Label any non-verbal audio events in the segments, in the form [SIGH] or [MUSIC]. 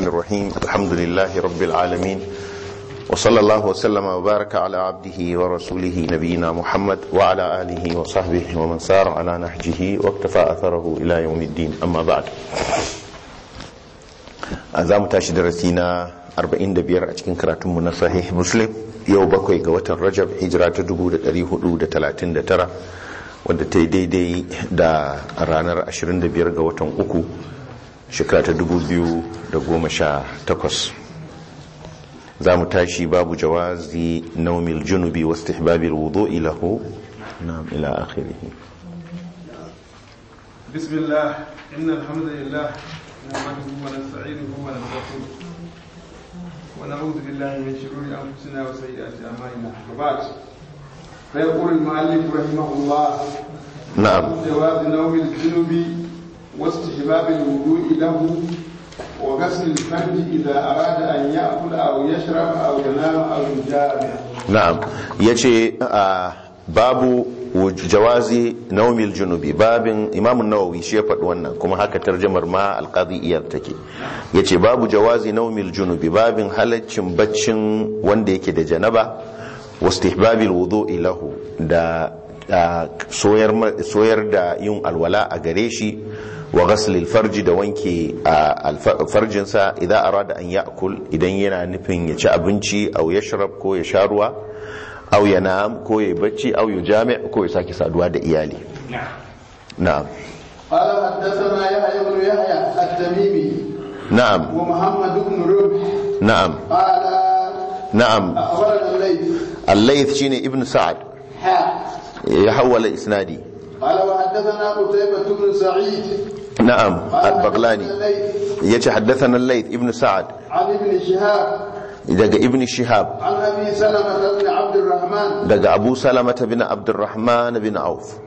الرحمن الرحيم الحمد لله رب العالمين وصلى الله وسلم وبارك على عبده ورسوله نبينا محمد وعلى آله وصحبه ومن سار على نهجه واكتفى أثره إلى يوم الدين أما بعد أزام تاشد رسينا أربعين دبير أتكين كراتم من صحيح مسلم يو بكوي قوة الرجب هجرات دبودة أريه دو تلاتين دترا wadda ta yi daidai da ranar 25 ga watan uku shekara ta 2018 za mu tashi babu jawazi naumil junubi wasu istihbabil wudu'i lahu na'am ila akhirih bismillah واستحباب الوضوء له وغسل الفرج إذا أراد أن يأكل أو يشرب أو ينام أو يجامع نعم يجي باب jawazi naumil junubi babin امام النووي shi ya faɗi wannan kuma haka tarjumar ma iyar take ya ce babu jawazi naumil junubi babin halaccin baccin wanda yake da janaba wastihbabil alwudu ilahu da soyar da yin alwala a gare shi wa ghaslil farji da wanke farjinsa idan arada an ya'kul idan yana nufin ya ci abinci aw yashrab ko ya sha ruwa aw yanam ko ya bacci aw yujami ko ya sake saduwa da iyali na'am qala haddathana yahya ibn yahya at-tamimi na'am wa muhammad ibn rubh na'am qala na'am akhbarana al-layth al-layth shine ibn sa'ad ya hawala isnadi قال وحدثنا قتيبة بن سعيد نعم البغلاني يتي حدثنا الليث ابن سعد عن ابن شهاب daga ibn shihab daga abu salamata bin abdurrahman bin auf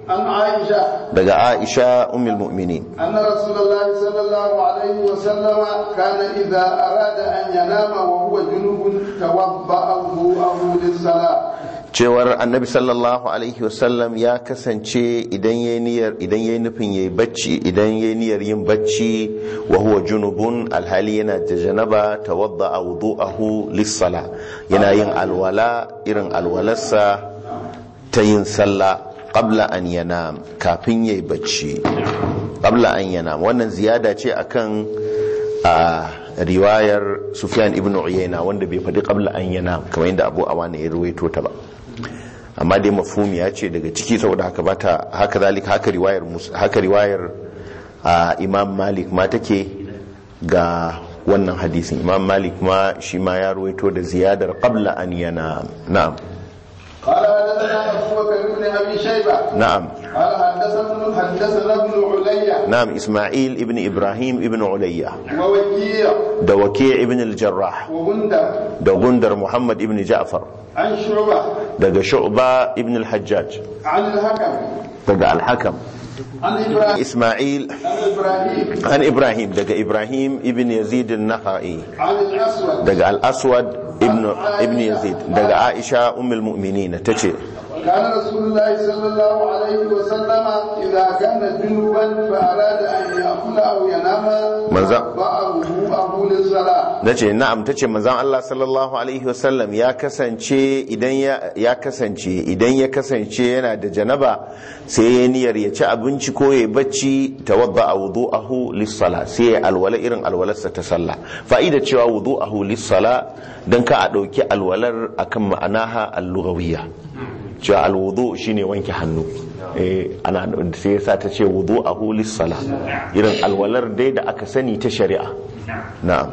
daga aisha ummul mu'minin anna rasulullahi sallallahu alaihi wa sallama kana idza arada an yanama wa huwa junubun tawadda wudu'ahu lis-salah cewar annabi sallallahu alaihi wasallam ya kasance idan yayi niyyar idan yayi nufin yayi bacci idan yayi niyyar yin bacci wa huwa junubun alhali yana da janaba tawadda wudu'ahu lis-sala yana yin alwala irin alwalarsa ta yin sallah qabla an yanam kafin yayi bacci qabla an yanam wannan ziyada ce akan riwayar sufyan ibn uyayna wanda bai faɗi qabla an yana kamar yadda abu awana ya ruwaito ta ba amma dai mafumi ya ce daga ciki saboda haka bata haka zalika haka riwayar haka riwayar imam malik ma take ga wannan hadisin imam malik ma shi ma ya ruwaito da ziyadar qabla an yana na'am qala na'am نعم إسماعيل ابن إبراهيم ابن عليا دوكيع ابن الجراح دوغندر محمد ابن جعفر عن شعبة ده شعبة ابن الحجاج عن الحكم ده الحكم عن إبراهيم إسماعيل عن إبراهيم دق إبراهيم ابن يزيد النخائي عن الأسود دقى الأسود ابن ابن يزيد دق عائشة أم المؤمنين تشي Na'am, رسول الله ce manzan Allah sallallahu alaihi wasallam ya kasance idan ya kasance idan ya kasance yana da janaba sai ya niyar ya ci abinci ko ya barci ta wadda a wudu a hulis sai ya alwala irin alwalarsa ta sallah fa'idacewa wudu a hulis sala don ka a ɗauki alwalar a kan ma'anaha allugawiya cewa alwudu shi ne wanke hannu eh, sai yasa ta ce wudu a holis sala irin alwalar dai da aka sani ta shari'a na'am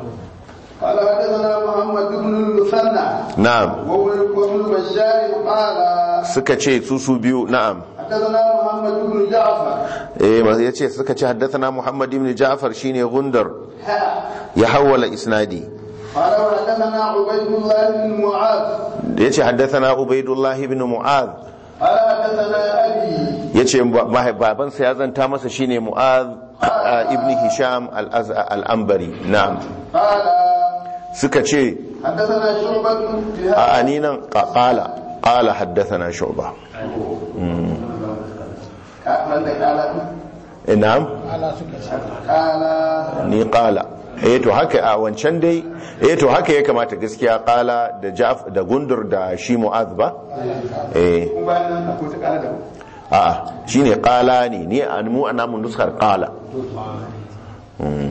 na'am suka ce su biyu na'am ya ce suka ce haddasa na muhammadu ibn jafar shine gundar ya hawala isnadi ya ce haddathana ubaidullahi bin mu'az ya ce babansa ya zanta masa shine mu'az ibn hisham al'ambari na suka ce a aninan ƙaƙala ƙala haddathana shu'ba na'am ni ƙala eh to haka a wancan dai eh to haka ya kamata gaskiya kala da gundur da shi mu'az ba eh a'a shine kala ne ni an mu ana mun nuskar kala hmm.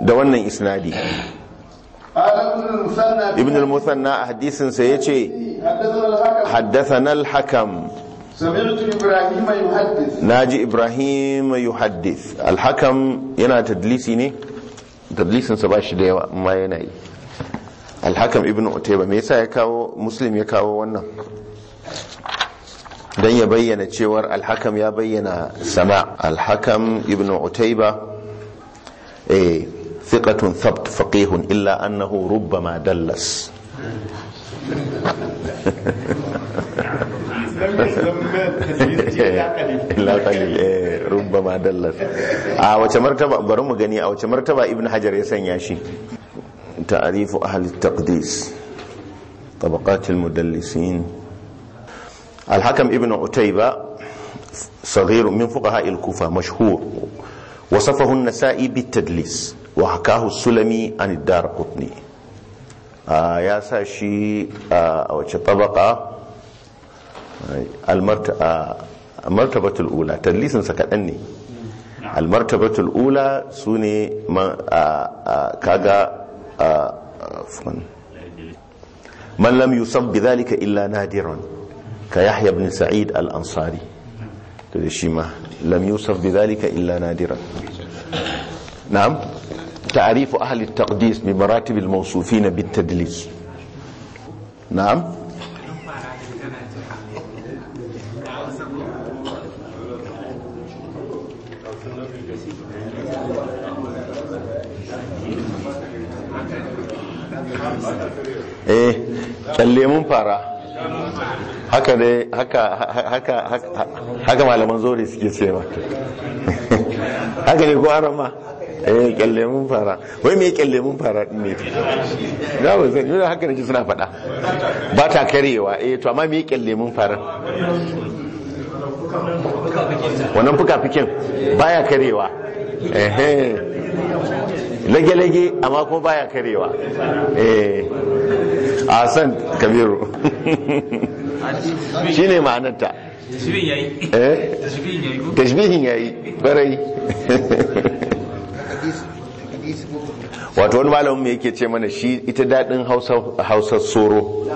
da wannan isnadi ibn al-musanna a hadisin sa yace haddathana al-hakam na ji ibrahim yuhaddith alhakam yana tadlisi ne tadlisinsa ba shi da yawa amma yana yi alhakam ibn utaiba me yasa ya kawo muslim ya kawo wannan don ya bayyana cewar alhakam ya bayyana sama alhakam ibn utaiba eh thiqatun thabt faqihun illa annahu rubbama dallas illa qalil eh rubbama dallat a wace martaba bari mu gani a wace martaba ibn hajar ya sanya shi ta'rifu ahli taqdis طبقات المدلسين الحكم ابن عتيبة صغير من فقهاء الكوفة مشهور وصفه النسائي بالتدليس وحكاه السلمي عن الدار قطني آه يا ساشي آه أو طبقة almartabatul ula tallisinsa kaɗan ne almartabatul ula su ne kaga man lam yusuf bi zalika illa nadiran ka yahya ibn sa'id al-ansari to da shi ma lam yusab bi zalika illa nadiran na'am ta'rifu ahli at-taqdis bi maratib al-mawsufin bit-tadlis na'am mun fara haka dai haka haka haka malaman zori suke ce ba [LAUGHS] haka ne ko arama eh kyalle mun fara wai me kyalle mun fara din ne da ba zan yi haka ji suna faɗa ba ta karewa eh to amma me kyalle mun fara wannan fuka-fikin baya karewa ehe lage-lage amma kuma baya karewa eh a san kabiru shi ne ma'anarta tashbihin ya yi barai wato wani malamin mai yake ce mana shi ita daɗin hausar soro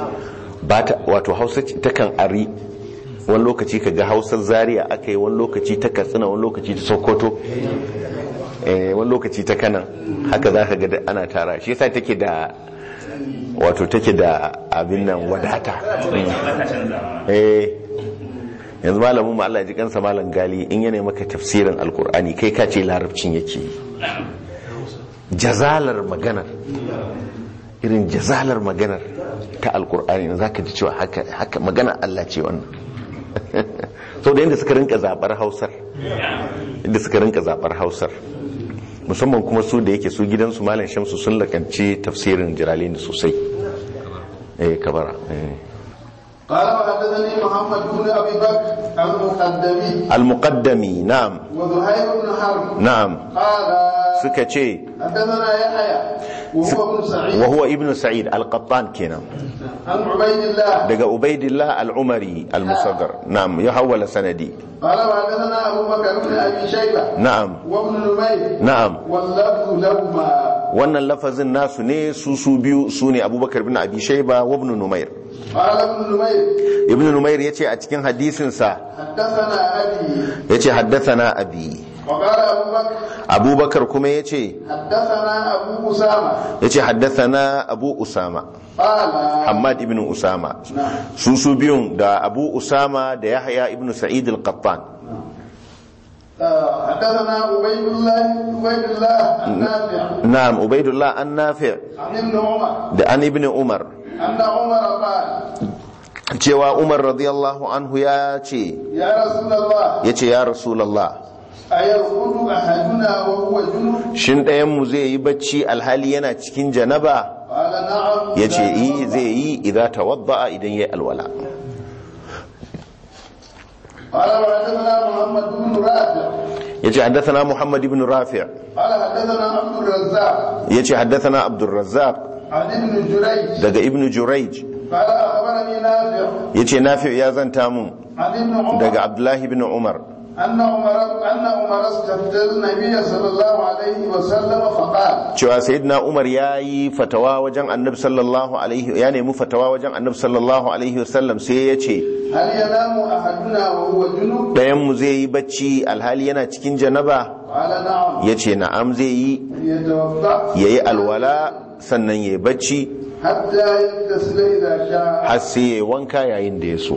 wato hausar ta kan ari wani lokaci ka ga hausar zaria aka yi wani lokaci ta katsina wani lokaci ta sokoto eh, wani lokaci ta kanan haka za ka ga ana tara shi yasa take da wato take da abin nan wadata eh. yanzu malamin mu Allah ji kansa malam gali in yana maka tafsirin alkur'ani kai ka ce larabcin yake jazalar maganar irin jazalar maganar ta alkur'ani za ka ji cewa haka magana Allah ce wannan sau [LAUGHS] da yadda suka rinka zabar suka rinka zabar hausar musamman kuma su da yake su gidansu malam shamsu sun lakance tafsirin jiralini sosai eh kabara eh. Almuqaddami. Almuqaddami, na'am. Na'am. Su Kace. Wuhu wa Ibn Sa'id Al-Qabban kenan. Daga Ubaidillah Al-Umari Al-Musakar. Na'am. Na'am. Na'am. Na'am. wannan lafazin nasu ne su su biyu su ne abubakar bin abishai ba wa ibn numair ibn numair ya ce a cikin hadisinsa ya ce haddasana abi abubakar kuma ya ce ya ce haddasana abu usama hamad ibn usama su su biyun da abu usama da ya haya ibn sa'id al-qattan Na'am, Ubaidulah الله عبيد الله النافع نعم عبيد cewa umar radiyallahu anhu ya ce ya ce ya rasulallah shin ɗayanmu zai yi bacci alhali yana cikin janaba ya ce yi zai yi idan tawadda'a idan ya yi alwala Ya ce haddatana Muhammad ibn u rafiyar. Ya Daga Ibn Jurej. Ya ce ya zan taamu. Daga Abdullahi ibn Umar. cewa sayyidina umar ya yi fatawa wajen annab sallallahu alaihi ya nemi fatawa wajen annabi sallallahu alaihi wasallam sai ya ce dayan mu zai yi bacci alhali yana cikin janaba ya ce na'am zai yi ya yi alwala sannan ya yi bacci har sai ya wanka yayin da ya so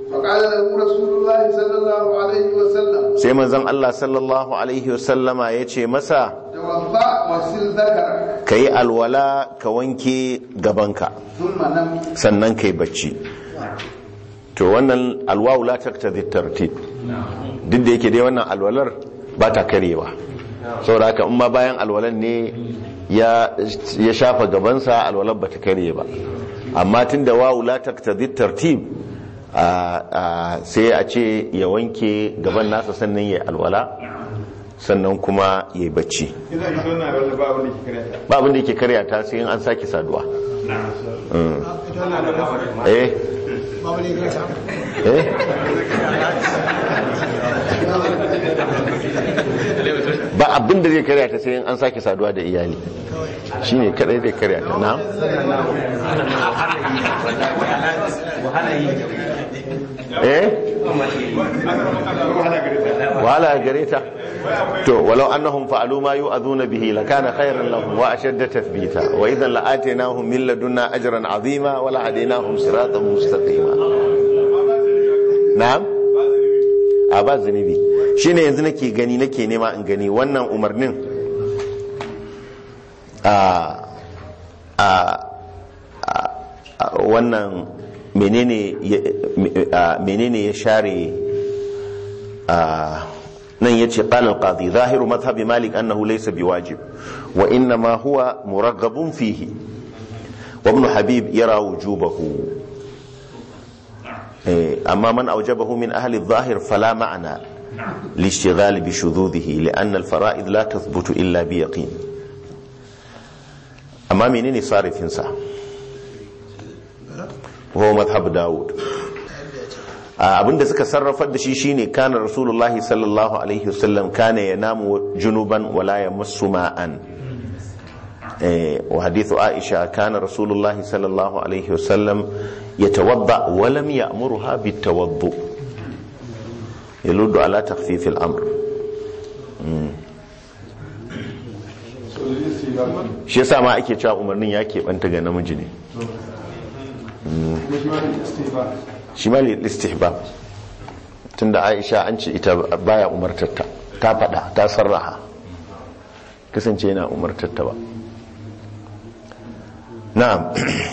sai manzan Allah sallallahu alaihi wasallama ya ce masa ka yi alwala ka wanke gabanka sannan ka yi bacci to wannan alwawu la taktazi tartib duk da yake dai wannan alwalar ba ta karewa Sau da in ma bayan alwalar ne ya shafa gabansa alwalar ba ta kare ba amma tun da wawu la taktazi tartib sai a ce ya wanke gaban nasa sannan ya alwala sannan kuma ya yi bacci ba abin da yake karyata sai an sake saduwa eh eh ba abin da zai karya ta sai an sake saduwa da iyali shi ne kadai zai karya ta na eh wahala gare ta to walau annahum fa'alu ma yu'aduna bihi lakana khayran lahum wa ashadda tathbita wa idan la'atinahum min ladunna ajran azima wala hadainahum siratan mustaqima na'am a ba zunubi shine yanzu nake gani nake nema in gani wannan umarnin a a wannan menene ya share nan ya ce ƙalar ƙadi zahiru mazhabi malik annahu laysa biwajib wa inna ma huwa muraggabun fihi وابن حبيب يرى وجوبه أما من أوجبه من أهل الظاهر فلا معنى لاشتغال بشذوذه لأن الفرائض لا تثبت إلا بيقين أما منين صارف صح وهو مذهب داود abinda suka sarrafar da shi shine kana rasulullahi sallallahu alaihi wasallam kana yanamu junuban wala yamassu ma'an وحديث عائشة كان رسول الله صلى الله عليه وسلم يتوضأ ولم يأمرها بالتوضؤ يلود على تخفيف الأمر shi yasa ma ake cewa umarnin ya keɓanta ga namiji ne hmm. shi ma tunda aisha an ce ita baya umartatta ta faɗa ta sarraha kasance yana umartatta ba نعم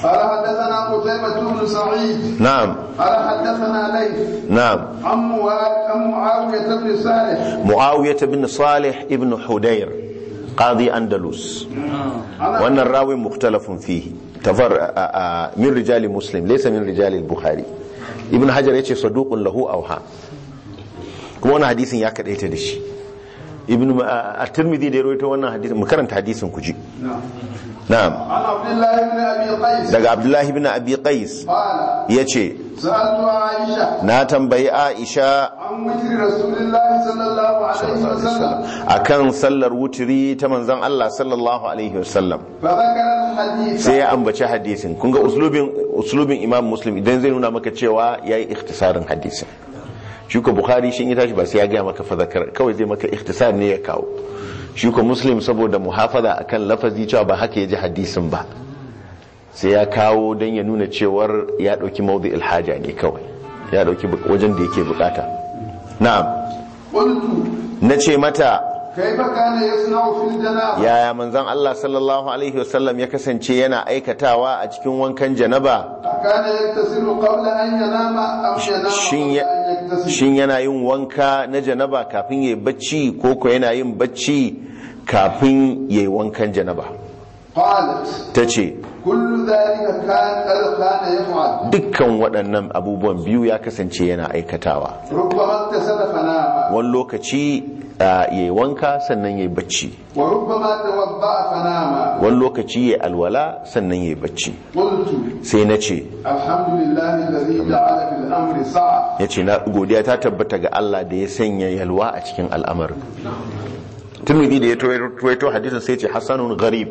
قال حدثنا قتيبة بن سعيد نعم قال حدثنا ليث نعم عن معاوية بن صالح معاوية بن صالح ابن حدير قاضي أندلس وأن الراوي مختلف فيه تفر من رجال مسلم ليس من رجال البخاري ابن حجر يتي صدوق له أوهام kuma wani hadisin ya kaɗaita da shi ibn a tirmidhi da ya rawaito wannan hadisin mu karanta hadisin ku ji na'am daga abdullahi bin abi ya ce. na tambayi aisha a kan sallar wutiri ta manzon Allah sallallahu alaihi wasallam sai ya ambaci hadisin kun ga uslubin uslubin imam muslim idan zai nuna maka cewa yayi ikhtisarin hadisin shi ko bukhari shi ya tashi ba sai ya gaya maka fadakar kawai zai maka ikhtisar ne ya kawo shi ko muslim saboda muhafaza akan lafazi cewa ba haka ya ji hadisin ba sai ya kawo don ya nuna cewar ya ɗauki maudu ilhaja ne kawai ya ɗauki wajen da yake bukata na'am na ce mata yaya manzan Allah sallallahu alaihi wasallam ya kasance yana aikatawa a cikin wankan janaba shin yana yin wanka na janaba kafin ya bacci ko ko yana yin bacci kafin ya yi wankan janaba ta ce dukkan waɗannan abubuwan biyu ya kasance yana aikatawa wani lokaci ya yi wanka sannan ya yi bacci wani lokaci ya alwala sannan ya yi bacci sai na ce ya ce na godiya ta tabbata ga Allah da ya sanya yalwa a cikin al'amarin tumidi da ya tuwaito hadisun sai ce hassanun garib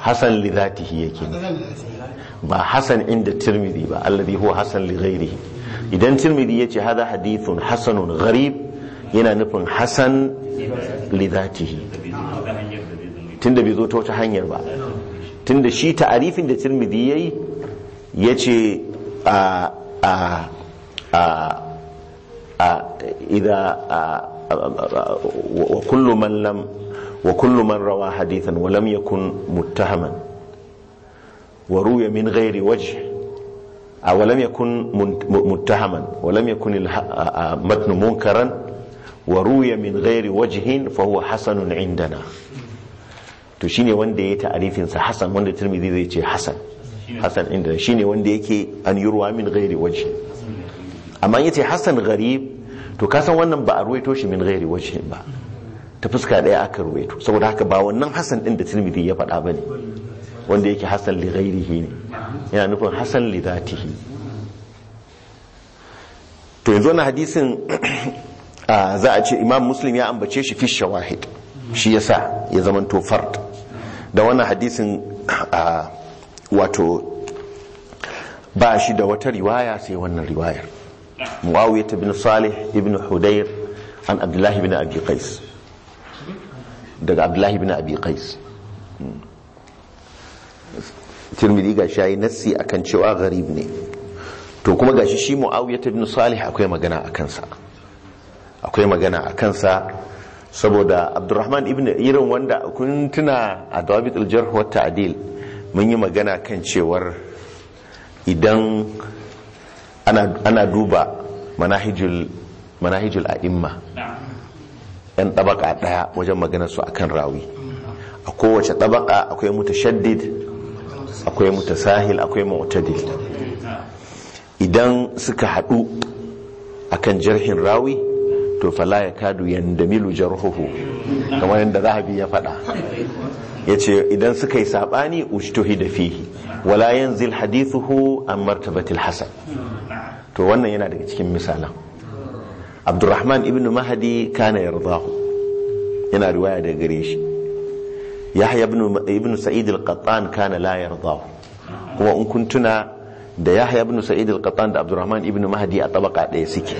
hasan li zatihi yake ba hasan inda tirmidhi ba alladhi huwa hasan li ghairihi idan tirmidhi yace hada hadithun hasanun gharib yana nufin hasan li zatihi tunda bai zo ta wata hanyar ba tunda shi ta'arifin da tirmidhi yayi yace a a a a idza wa kullu man lam wa kullu man rawa hadithan wa lam yakun muttahaman wa ruya min ghairi wajh a wa lam yakun muttahaman wa lam yakun matnu munkaran wa ruya min ghairi wajhin fa huwa hasanun indana to shine wanda ya ta'arifin sa hasan wanda tirmidhi zai ce hasan hasan inda shine wanda yake an yurwa min ghairi wajh amma yace hasan gharib to kasan wannan ba a ruwaito shi min ghairi wajhin ba ta fuska ɗaya aka ruwaito saboda haka ba wannan Hassan ɗin da tirmidhi ya faɗa ba ne wanda yake Hassan li ghairihi ne yana nufin hasan li zatihi to yanzu wannan hadisin [CLEARS THROAT] za a ce imam muslim ya ambace shi fi shawahid shi yasa ya zama to fard da wannan hadisin wato ba shi da wata riwaya sai wannan riwayar muawiyah bin salih ibn hudayr an abdullah ibn abi qais daga abdullahi bin abi qais tirmidhi ga shayi nassi akan cewa gari ne to kuma gashi shi muawiya ibn salih akwai magana a kansa akwai magana a kansa saboda abdurrahman ibn irin wanda kun tuna a dawabit aljarh wa ta'dil mun yi magana kan cewar idan ana duba manahijul manahijul a'imma 'yan tabaka ɗaya wajen maganar su akan rawi a kowace tabaka akwai shaddid, akwai sahil, akwai mu'tadil idan suka hadu akan jarhin rawi to fala ya kadu yandamilu jarhuhu kamar yadda zahabi ya faɗa yace idan suka yi sabani da fihi wala yanzil hadithuhu an martabatil hasan to wannan yana daga cikin misalan abdurrahman ibn mahadi kana yardahu yana riwaya da gare shi yahya ibn sa'id al-qattan kana la yardahu kuma in kun tuna da yahya ibn sa'id al-qattan da abdurrahman ibn mahdi a tabaka ɗaya suke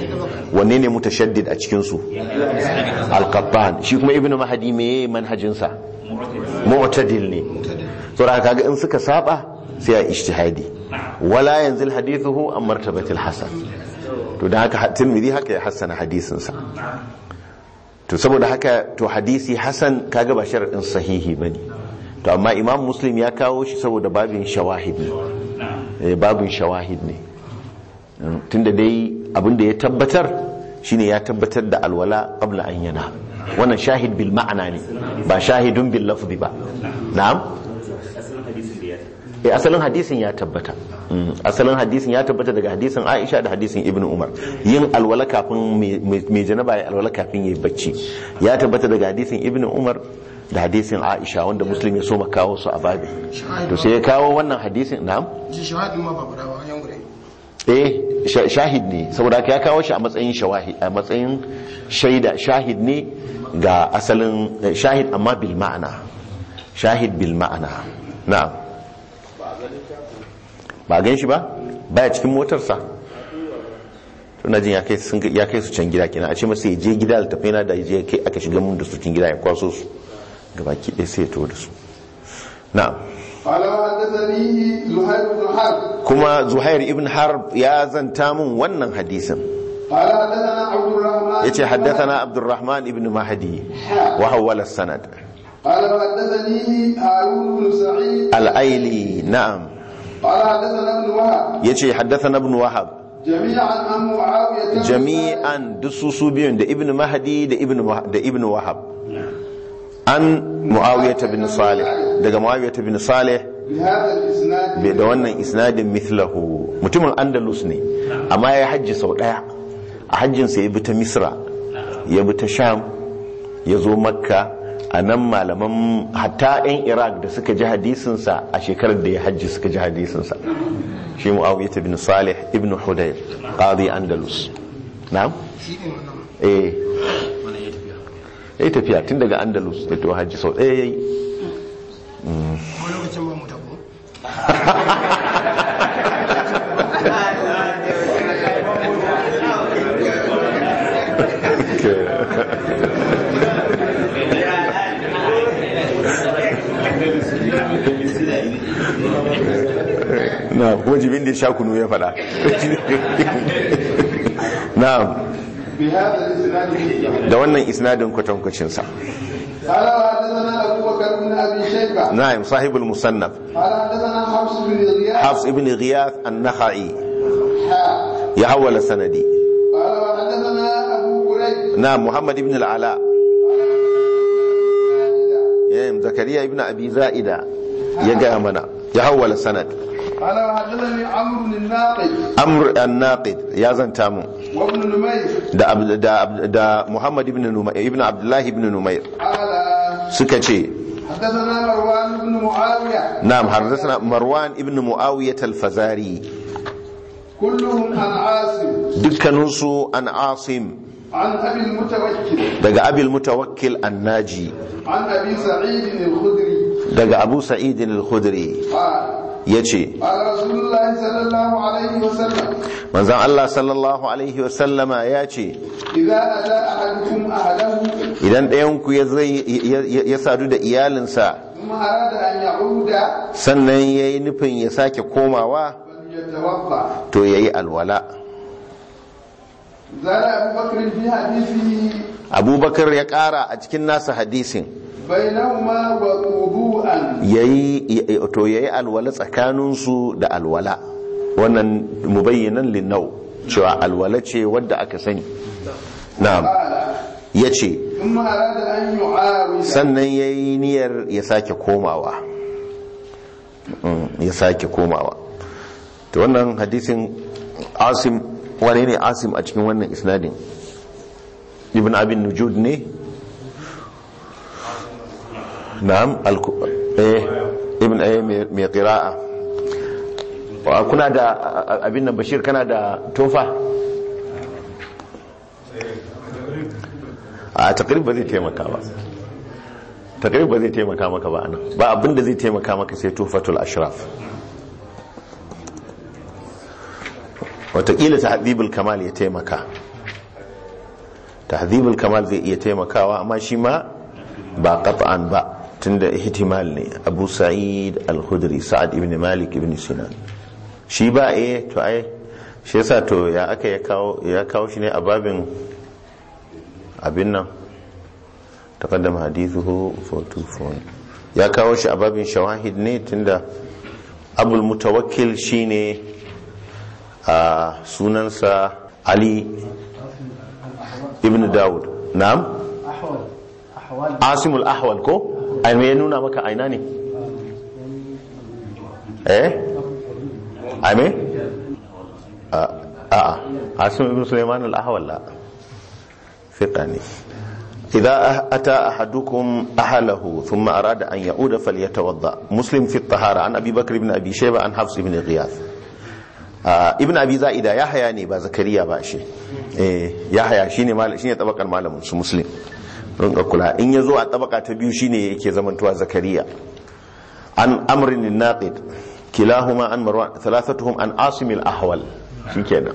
wanne ne mutashaddid a cikin su al-qattan shi kuma ibn mahdi me manhajin sa mu'tadil ne to da kaga in suka saba sai a ijtihadi wala yanzil hadithuhu an martabatil hasan to da haka tirmidhi haka ya hassana hadisinsa to saboda haka to hadisi hasan kaga ba sharadin sahihi bane to amma imam muslim ya kawo shi saboda babin shawahid ne eh, babin shawahid ne hmm, tunda dai abinda ya tabbatar shine ya tabbatar da alwala qabla an yana wannan shahid bil ma'ana ne ba shahidun bil lafzi ba na'am eh asalin hadisin ya tabbata mm, asalin hadisin ya tabbata daga hadisin Aisha da hadisin Ibn Umar yin alwala kafin mai janaba ya alwala kafin ya bacci ya tabbata daga hadisin Ibn Umar da hadisin Aisha wanda Muslim ya so ma kawo su a babi to sai ya kawo wannan hadisin na'am eh shahid ne saboda ka ya kawo shi a matsayin shawahi a matsayin shaida shahid ne ga asalin eh, shahid amma bil ma'ana shahid bil ma'ana na'am ba gan shi ba baya cikin motarsa tuna jin ya kai su can gida kina a ce masa ya je gida littafai na da ya kai aka shiga mun da su cikin gida ya kwaso su gaba baki ɗaya sai ya to da su na'am kuma zuhair ibn harb ya zanta mun wannan hadisin يتي حدثنا عبد الرحمن بن مهدي وحول السند قال حدثني هارون بن سعيد ya ce haddasa na ibn wahab jami'an duk su biyun da ibn mahadi da ibn wahab an mu'awiyata bin salih daga mu'awiyata bin salih da wannan isnadin mithlahu mutumin andalus ne amma ya hajji sau daya a hajjinsa ya bi ta misra ya bi ta sham ya zo makka a nan malaman hatta 'yan iraq da suka ji hadisinsa a shekarar da ya hajji suka ji hadisinsa shi mu'awiyat ibn salih ibn hudayr qadi andalus na'am eh ya tafiya tun daga andalus da to hajji sau ɗaya yayi hmm. [LAUGHS] Okay. na'am kuma jibin da sha kunu ya fada na'am da wannan isnadin kwatankwacin sa na'am sahibul musannaf hafs ibn riyad an-nakhai ya hawala sanadi na'am muhammad ibn al-ala ya yi zakariya ibn abi za'ida ya gaya mana ya hawala sanadi Amur an-naqid ya zanta mu da da da muhammad ibn Abdullahi ibn abdullah suka ce haddathana marwan ibn muawiya na'am haddathana marwan ibn muawiya Talfazari. fazari an asim an asim an mutawakkil daga abi mutawakkil an-naji an daga abu sa'id al-khudri ya ce manzan Allah sallallahu alaihi wasallama ya ce idan ɗayanku ya sadu da iyalinsa sannan ya yi nufin ya sake komawa to ya yi alwala abubakar ya ƙara a cikin nasa hadisin yayi to yayi alwala tsakaninsu da alwala wannan mubayyanan linau cewa alwala ce wadda aka sani na'am yace sannan yayi niyyar ya sake komawa mm, ya sake komawa to wannan hadisin asim wane ne asim a cikin wannan isnadin ibn abin nujud ne na'am eh, mai ƙira'a kuna da abin nan bashir kana da tofa a ba zai taimaka ba takrib ba zai zai taimaka maka sai tofatul ashraf watakila tahdhibul kamal ya taimaka tahdhibul kamal zai iya taimakawa amma shi ma ba qat'an ba tunda ihtimal ne abu sa'id al hudri sa'ad ibn malik ibn sinan shi ba eh to ai shi yasa to ya aka ya kawo ya kawo shi ne a babin abin nan taqaddam hadithuhu 424 ya kawo shi a babin shawahid ne tunda abul mutawakkil shine a sunansa ali ibn daud na'am asimul ahwal ko aina ya nuna maka aina ne eh aime a a hasim ibn sulaiman al-ahwala fiqani idza ata ahadukum ahlahu thumma arada an ya'uda falyatawadda muslim fi at-tahara an abi bakr ibn abi shayba an hafs ibn ghiyath ibn abi zaida yahya ne ba zakariya ba shi eh yahya shine malamin shine tabakan malamin su muslim rinka kula in ya zo a tabaka ta biyu shine yake zamantowa zakariya an amrin naqid kilahuma an marwan thalathatuhum an asim al ahwal shikenan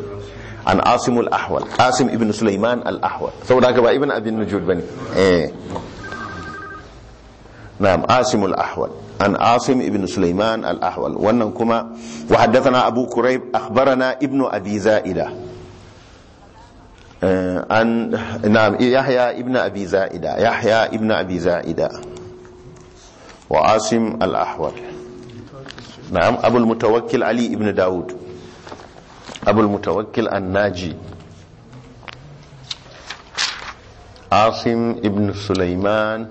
an asim al ahwal asim ibn sulaiman al ahwal saboda haka ba ibn abin najud bane eh na'am asim al ahwal an asim ibn sulaiman al ahwal wannan kuma wa haddathana abu kurayb akhbarana ibn abi za'ida آه، عن نعم يحيى ابن أبي زائدة يحيى ابن أبي زائدة وعاصم الأحول نعم أبو المتوكل علي ابن داود أبو المتوكل الناجي عاصم ابن سليمان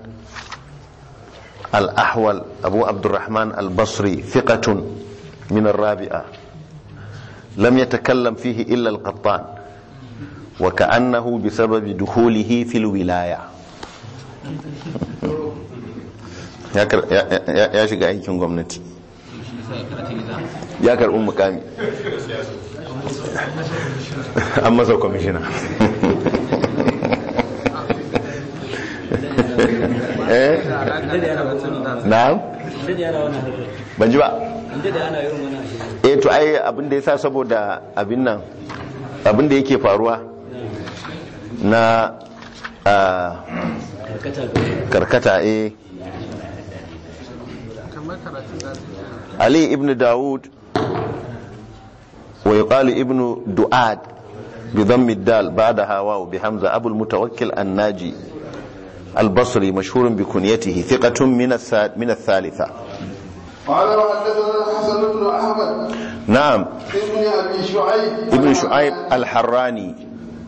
الأحول أبو عبد الرحمن البصري ثقة من الرابعة لم يتكلم فيه إلا القطان wa ka'annahu bi sababi duhulihi fil wilaya ya shiga aikin gwamnati ya karɓi mukami an masa kwamishina [LAUGHS] eh? ban ji ba eh to ai abin da ya sa saboda abin nan abin da yake faruwa na karkata eh ali ibn daud ويقال ابن دعاد بضم الدال بعدها واو بحمزة أبو المتوكل الناجي البصري مشهور بكنيته ثقة من من الثالثة قال وحدثنا الحسن بن أحمد نعم ابن أبي شعيب ابن شعيب الحراني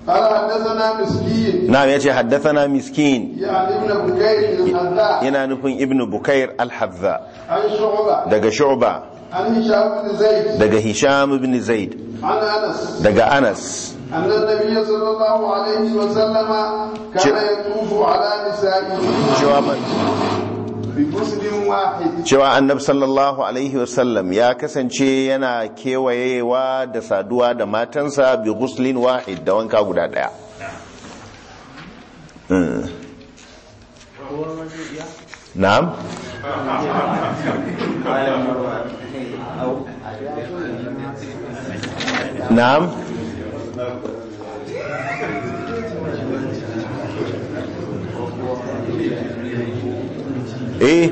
قال حدثنا مسكين نعم يأتي حدثنا مسكين يعني ابن بكير الحذاء ينا نكون ابن بكير الحذاء عن شعبة دقى شعبة عن هشام بن زيد دقى هشام بن زيد عن أنس دقى أنس أن النبي صلى الله عليه وسلم كان يطوف على نسائه شعبة cewa annab sallallahu alaihi wasallam ya kasance yana kewayewa da saduwa da matansa bi guslin wahid da wanka guda daya hmm. na'am na'am eh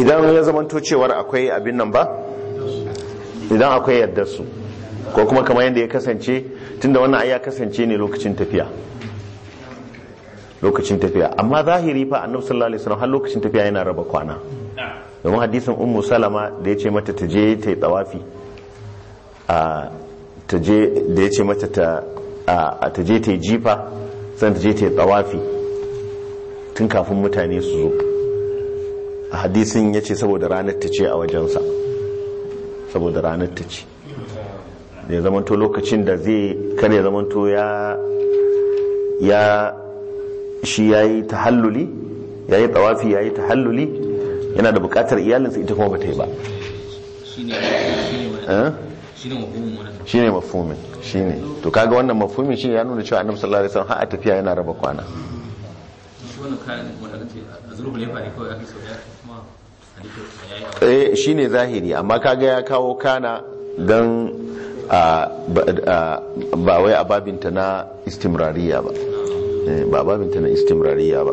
idan ya zamanto cewar akwai abin nan ba idan akwai yadda su ko kuma kamar yadda ya kasance tunda wannan ayya ya kasance ne lokacin tafiya lokacin tafiya amma zahiri fa annabi sallallahu alaihi wasallam har lokacin tafiya yana raba kwana domin hadisin ummu salama da ya ce mata ta je ta yi tsawafi a ta je da ya ce mata ta ta je ta yi jifa san ta je ta yi tsawafi tun kafin mutane su zo a hadisin ya ce saboda ranar ta ce a wajensa saboda ranar ta ce da ya zamanto lokacin da zai kar ya zamanto ya ya shi ya yi ta halloli ya yi tsawafi ya yi ta halloli, yana da bukatar iyalinsa ita kuma bata yi ba shi ne mafumin shi ne to kaga wannan mafumin shi ya nuna cewa annabi sallallahu alaihi wasallam har a tafiya yana raba kwana wannan kayan wanda kace ne kawai aka kuma eh shine zahiri amma kaga ya kawo kana dan ba wai a babinta na istimrariya ba eh, ba babinta na istimrariya ba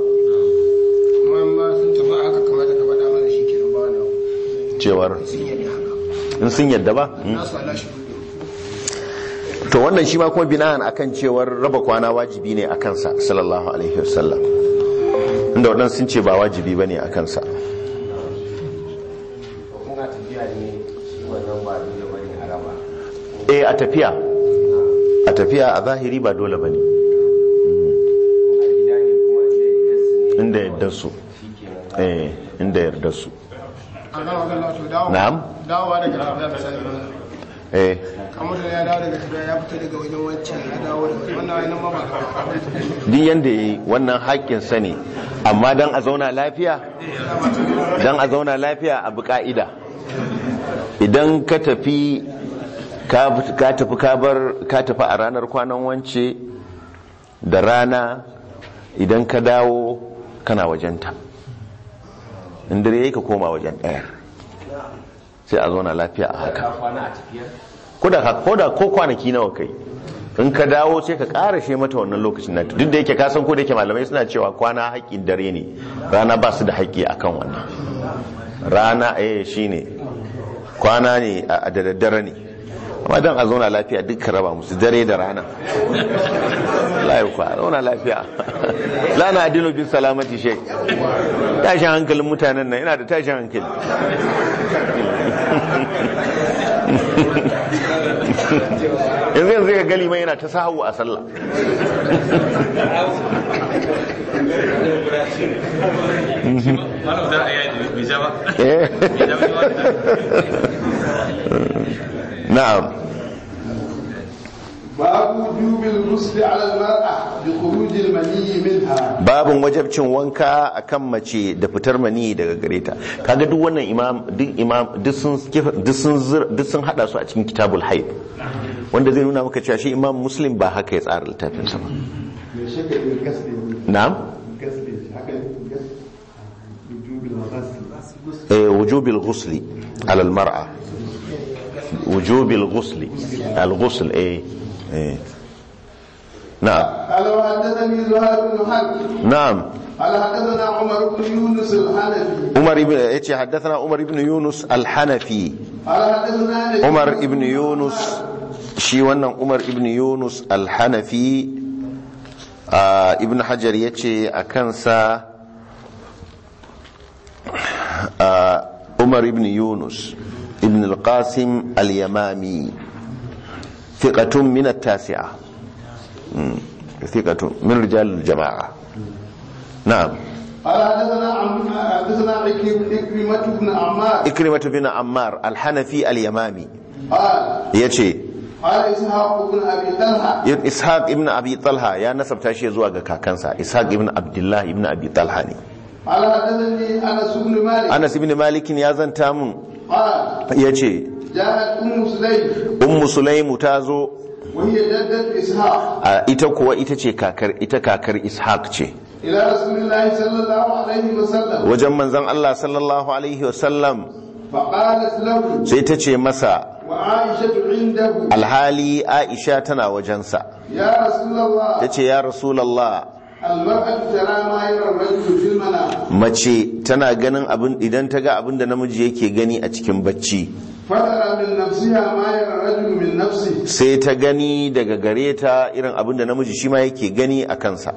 cewar in sun yadda ba hmm. to wannan shi ma kuma bina'an akan cewar raba kwana wajibi ne a kansa sallallahu alaihi wasallam inda waɗansu sun ce ba wajibi ba ne a kansa eh a tafiya a tafiya a zahiri ba dole ba ne inda yadda su eh inda yarda su na'am dawowa daga eh kamar ya dawo daga ya fito daga wajen wancan ya dawo daga wannan wani duk yanda yayi wannan haƙƙin sa ne amma dan a zauna lafiya dan a zauna lafiya a buƙa'ida idan ka tafi ka tafi ka tafi a ranar kwanan wance da rana idan ka dawo kana wajenta in dare ka koma wajen ɗayar sai a zauna lafiya a haka ko da ko kwanaki nawa kai in ka dawo sai ka ƙara she mata wannan lokacin nan duk da yake ka san ko da yake malamai suna cewa kwana haƙƙin dare ne rana ba su da haƙƙi akan wannan rana eh shine kwana ne a daddare ne amma dan a zauna lafiya duk raba musu dare da rana layu kwa zauna lafiya [LAUGHS] lana adinu bin salamati shek tashin hankalin mutanen nan yana da tashin hankali [LAUGHS] yanzu yanzu ga gali yana ta sahawu a sallah eh. na'am babu jubil musli ala almar'a bi khurujil mani minha Babu wajabcin wanka akan mace da fitar mani daga gare ta kaga duk wannan imam duk imam duk sun duk sun hada su a cikin kitabul haid wanda zai nuna maka cewa shi imam muslim ba haka ya tsara littafin sa ba na'am wujubil ghusli ala almar'a wujubil ghusli al-ghusl eh نعم قال وحدثني زهير بن حرب نعم قال حدثنا عمر بن يونس الحنفي عمر بن ايش حدثنا عمر بن يونس الحنفي قال حدثنا عمر بن يونس شي wannan عمر بن يونس الحنفي ابن حجر Hajar yace a kansa Umar ibn Yunus ibn al thiqatun min at-tasi'a hmm. thiqatun min rijal al-jama'a na'am قال حدثنا حدثنا عكرمة بن عمار الحنفي اليمامي قال يجي ishaq ibn abi ya nasabta shi zuwa ga kakansa ishaq ibn abdullahi ibn abi talha ne anas ibn malik ya zanta mun ya ce ummu sulaimu ta zo ita kuwa ita ce kakar ita kakar ishaq ce wajen manzan Allah sallallahu alaihi wasallam sai ta ce masa alhali aisha tana wajensa ta ce ya rasulallah mace tana ganin idan ta ga abin da namiji yake gani a cikin bacci sai ta gani daga gare ta irin abin da namiji shi ma yake gani a kansa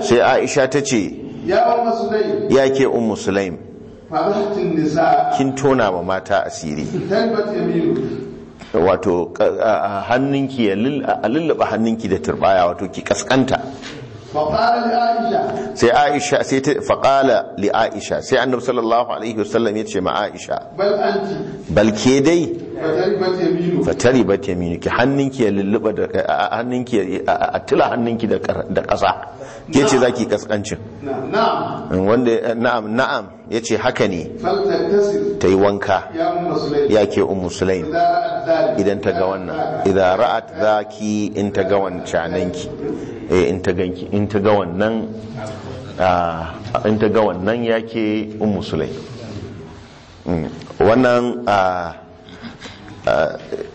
sai aisha ta ce ya ke un sulaim kin tona ma mata asiri wato hannunki a lullaba hannunki da turbaya wato ki kaskanta sai aisha sai ta faƙala li aisha sai annabi sallallahu alaihi wasallam ya ce ma aisha balke dai fatari ta minu ki hannunki ya lulluɓa da hannunki a tila hannunki da ƙasa ke ce ki kaskancin wanda na'am na'am Ya ce haka ne ta yi wanka ya ke ummu sulaim idan ta ga wannan idan ra'at ki in ta ga wancananki eh, in ta ganki in ta ga wannan in ta ga wannan sulaim mm. wannan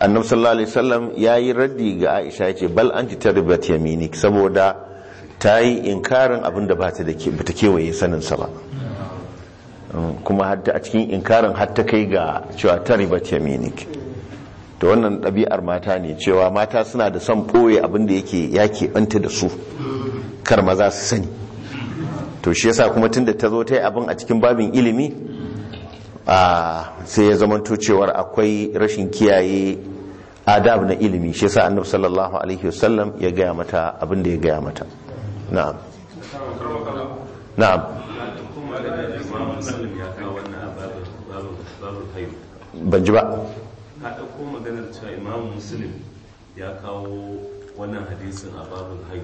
annabi sallallahu alaihi wasallam yi raddi ga Aisha yace bal anti taribat yaminik saboda mm, ta yi inkarin abin da ba ta kewaye sanin sa ba kuma hatta a cikin inkarin hatta kai ga cewa taribat yaminik to wannan ɗabi'ar mata ne cewa mata suna da son ɓoye abin da yake ya keɓanta da su kar maza su sani to shi yasa kuma tun da ta zo ta yi abin a cikin babin ilimi sai ya zama cewar akwai rashin kiyaye adab na ilimi shi sa annabi sallallahu alaihi wasallam ya gaya mata abin da ya gaya mata na'am na'am ban ji ba ka dauko maganar cewa imamu muslim ya kawo wannan hadisin a babul hayy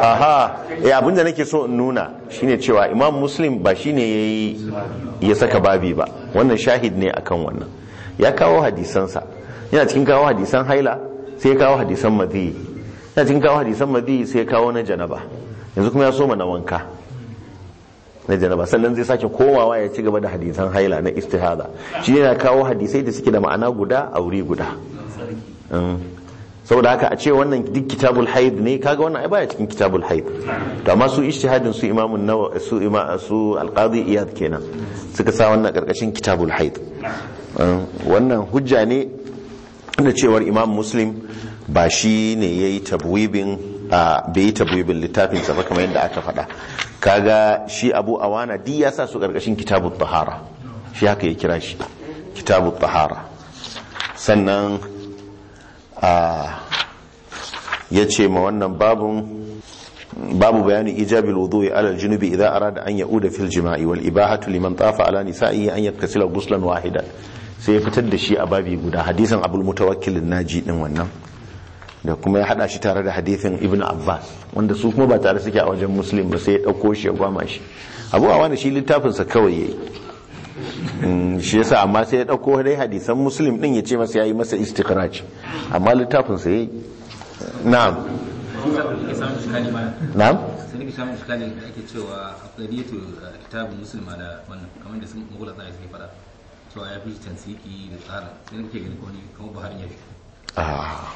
aha ya eh, abin da nake so in nuna shine cewa imam muslim ba shine yayi ya saka babi ba wannan shahid ne akan wannan ya kawo hadisansa yana cikin kawo hadisan haila sai ya kawo hadisan madhi yana cikin kawo hadisan madhi sai ya kawo na janaba yanzu kuma ya so mana wanka na janaba sannan zai sake komawa ya ci gaba da hadisan haila na istihada shi yana kawo hadisai da suke da ma'ana guda a wuri guda saboda haka a ce wannan duk kitabul haid ne kaga wannan ai baya cikin kitabul haid to amma su ijtihadin su imamu nawa su ima su alqadi iyad kenan suka sa wannan karkashin kitabul haid eh, wannan hujja ne da cewar imam muslim ba shi ne yayi tabwibin bai yi tabwibin littafin sa ba kamar yadda aka faɗa kaga shi abu awana di ya sa su karkashin kitabul tahara shi haka ya kira shi kitabul tahara sannan Ah, ya ce ma wannan babun babu bayanin ijabil ya alal junubi idza arada an ya'uda fil jima'i wal ibahatu liman tafa ala nisa'i an yaktasila guslan wahida. sai ya fitar da shi a babi guda hadisin abul mutawakkil naji din wannan da kuma ya hada shi tare da hadisin ibnu abbas wanda su kuma ba tare suke a wajen muslim ba sai ya dauko shi ya gwama shi abu a wani shi littafin sa kawai yayi shi yasa amma sai ya dauko dai hadisan muslim din ya ce masa yayi masa istikhraj amma littafin sa yayi na'am na'am sai ki samu shikali da ake cewa aqdiyatu kitabun musulma da wannan kamar da sun mugula tsari sai fara to ya fi tansiki da tsara sai kake gani ko ni kamar buhari ya ah.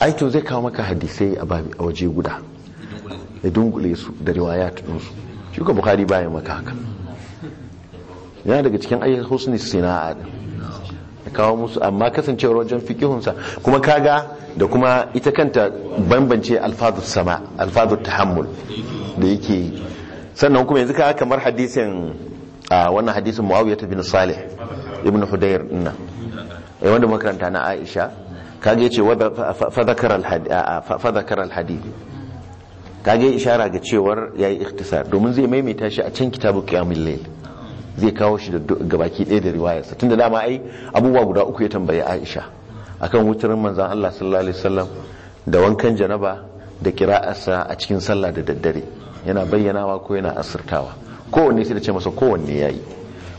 ai to zai kawo maka hadisai a waje guda ya dungule su da riwaya ta dinsu shi ka bukhari baya maka haka yana daga cikin ayyukan husni sina'a da kawo musu amma kasancewar wajen fikihunsa kuma kaga da kuma ita kanta bambance alfazu sama alfazu tahammul da yake yi sannan kuma yanzu ka kamar hadisin wannan hadisin muawiyah bin salih ibn hudayr dinnan eh wanda makaranta na aisha kage yace fa dhakara al fa dhakara al hadith kage ishara ga cewar yayi ikhtisar domin zai maimaita shi a can kitabul qiyamul layl zai kawo shi da gabaki ɗaya da riwayarsa tunda dama ai abubuwa guda uku ya tambayi aisha akan wutar manzan allah sallallahu alaihi wasallam da wankan janaba da kira'arsa a cikin sallah da daddare yana bayyanawa ko yana asirtawa kowanne sai da ce masa kowanne ya yi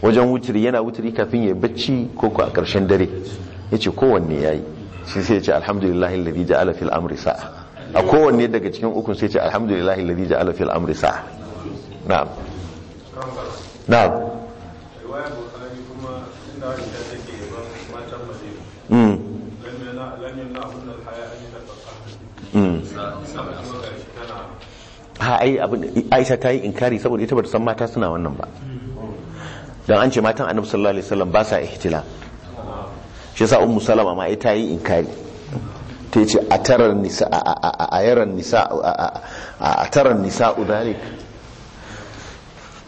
wajen wutar yana wutar kafin ya bacci ko ko a ƙarshen dare ya ce kowanne ya yi shi sai ya ce alhamdulillah alladhi ja'ala fil amri sa'a a kowanne daga cikin ukun sai ce alhamdulillah alladhi ja'ala fil amri sa'a na'am na'am aisha ta yi inkari saboda ita ba san mata suna wannan ba don an ce matan annabi sallallahu alaihi wasallam ba sa ihtila shi yasa ummu salama ma ita yi inkari ta ce a tarar nisa a yaran nisa a tarar nisa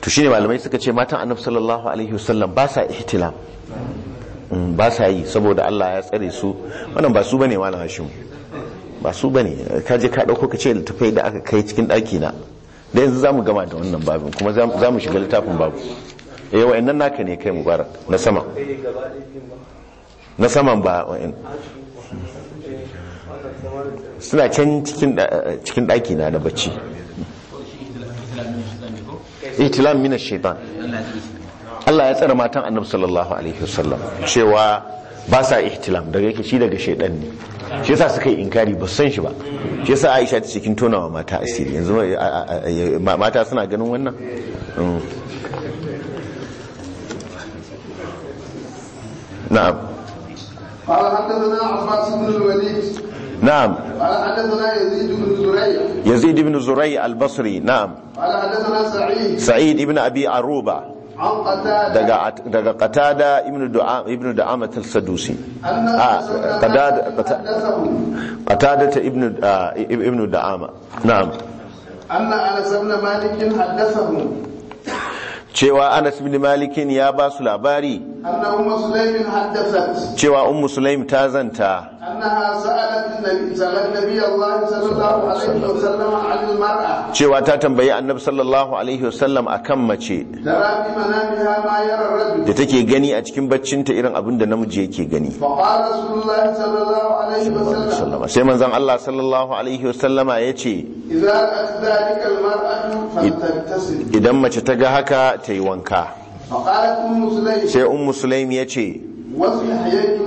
to shine malamai suka ce matan annabi sallallahu alaihi wasallam ba sa ihtilam mm, ba sa yi saboda Allah ya tsare su wannan ba su bane malam Hashim ba su bane ka je ka dauko ka ce littafai da aka kai cikin daki na da yanzu zamu gama da wannan babin kuma zamu shiga littafin babu eh wayannan naka ne kai mubarak na sama na saman ba wa'in suna can cikin daki eh, na na bacci itilam mina shaitan Allah ya tsara matan Annabi sallallahu alaihi wasallam cewa ba sa ihtilam daga yake shi daga shaidan ne shi yasa suka yi inkari ba san shi ba shi yasa Aisha ta cikin tonawa mata asiri yanzu eh, eh, eh, mata suna ganin wannan mm. na'am نعم قال حدثنا يزيد بن زريع يزيد بن زريع البصري نعم قال حدثنا سعيد سعيد ابي عروبه عن قتاده قتاده ابن دعام ابن دعامه السدوسي آه، قتاده قتاده آه، ابن ابن دعامه نعم ان انس بن مالك حدثه cewa anas bin malikin ya ba su labari cewa ummu sulaim ta zanta cewa ta tambayi annabi sallallahu alaihi wasallam akan mace da take gani a cikin baccinta irin abin da namiji yake gani sai manzan Allah sallallahu alaihi wasallam ya ce idan mace ta ga haka ta yi wanka sai un musulmi ya ce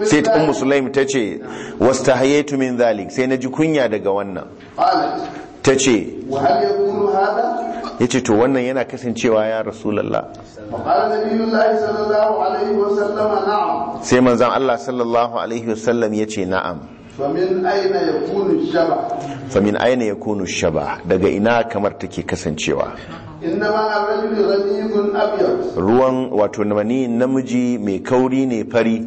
sai ta ummu sulaim ta ce wastahayaitu min zalik sai na ji kunya daga wannan ta ce ya ce to wannan yana kasancewa ya rasulallah sai manzan Allah sallallahu alaihi wasallam ya ce na'am famin aina ya kunu shaba daga ina kamar take kasancewa ruwan wato namani namiji mai kauri ne fari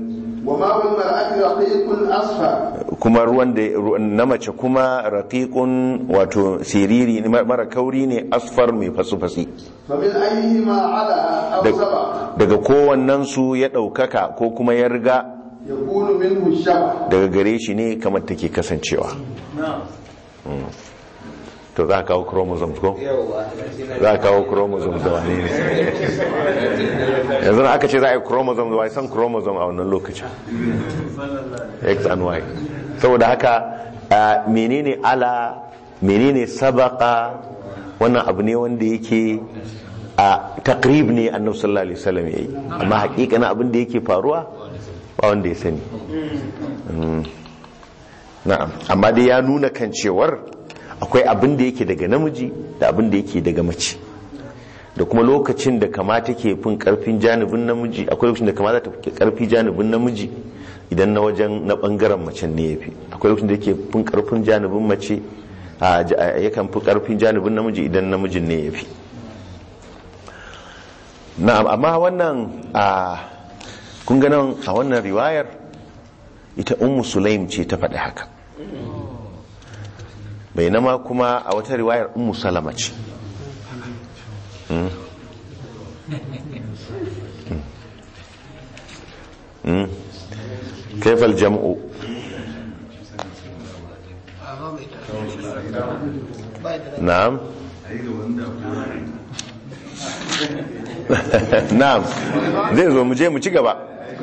kuma ruwan da na mace kuma raqiqun wato siriri mara kauri ne asfar mai fasufasi daga kowannen su ya ɗaukaka ko kuma ya riga daga gare shi ne kamar take kasancewa to za a kawo chromosomes ko? za a kawo ne yanzu aka ce za a yi chromosomes wai san chromosome a wannan lokacin x and y saboda haka menene ala menene sabaka wannan abu ne wanda yake a takrib ne annabu sallallahu alaihi wasallam yayi amma hakikanin abin da yake faruwa ba wanda ya sani mm. na'am amma dai ya nuna kan cewar akwai abin da yake daga namiji da abin da yake daga mace da kuma lokacin da kamata ke fin karfin janibin namiji akwai lokacin da kamata ta fi karfi janibin namiji idan na wajen na bangaren mace ne ya fi akwai lokacin da yake fin karfin janibin mace yakan fi karfin janibin namiji idan namijin ne ya fi na'am amma wannan a kun a wannan riwayar ita ummu sulaim ce ta faɗi haka bai nama kuma a wata riwayar ummu salama ce hmm. Hmm. Hmm. kaifal jam'u na'am [LAUGHS] na'am zai zo mu je mu ci gaba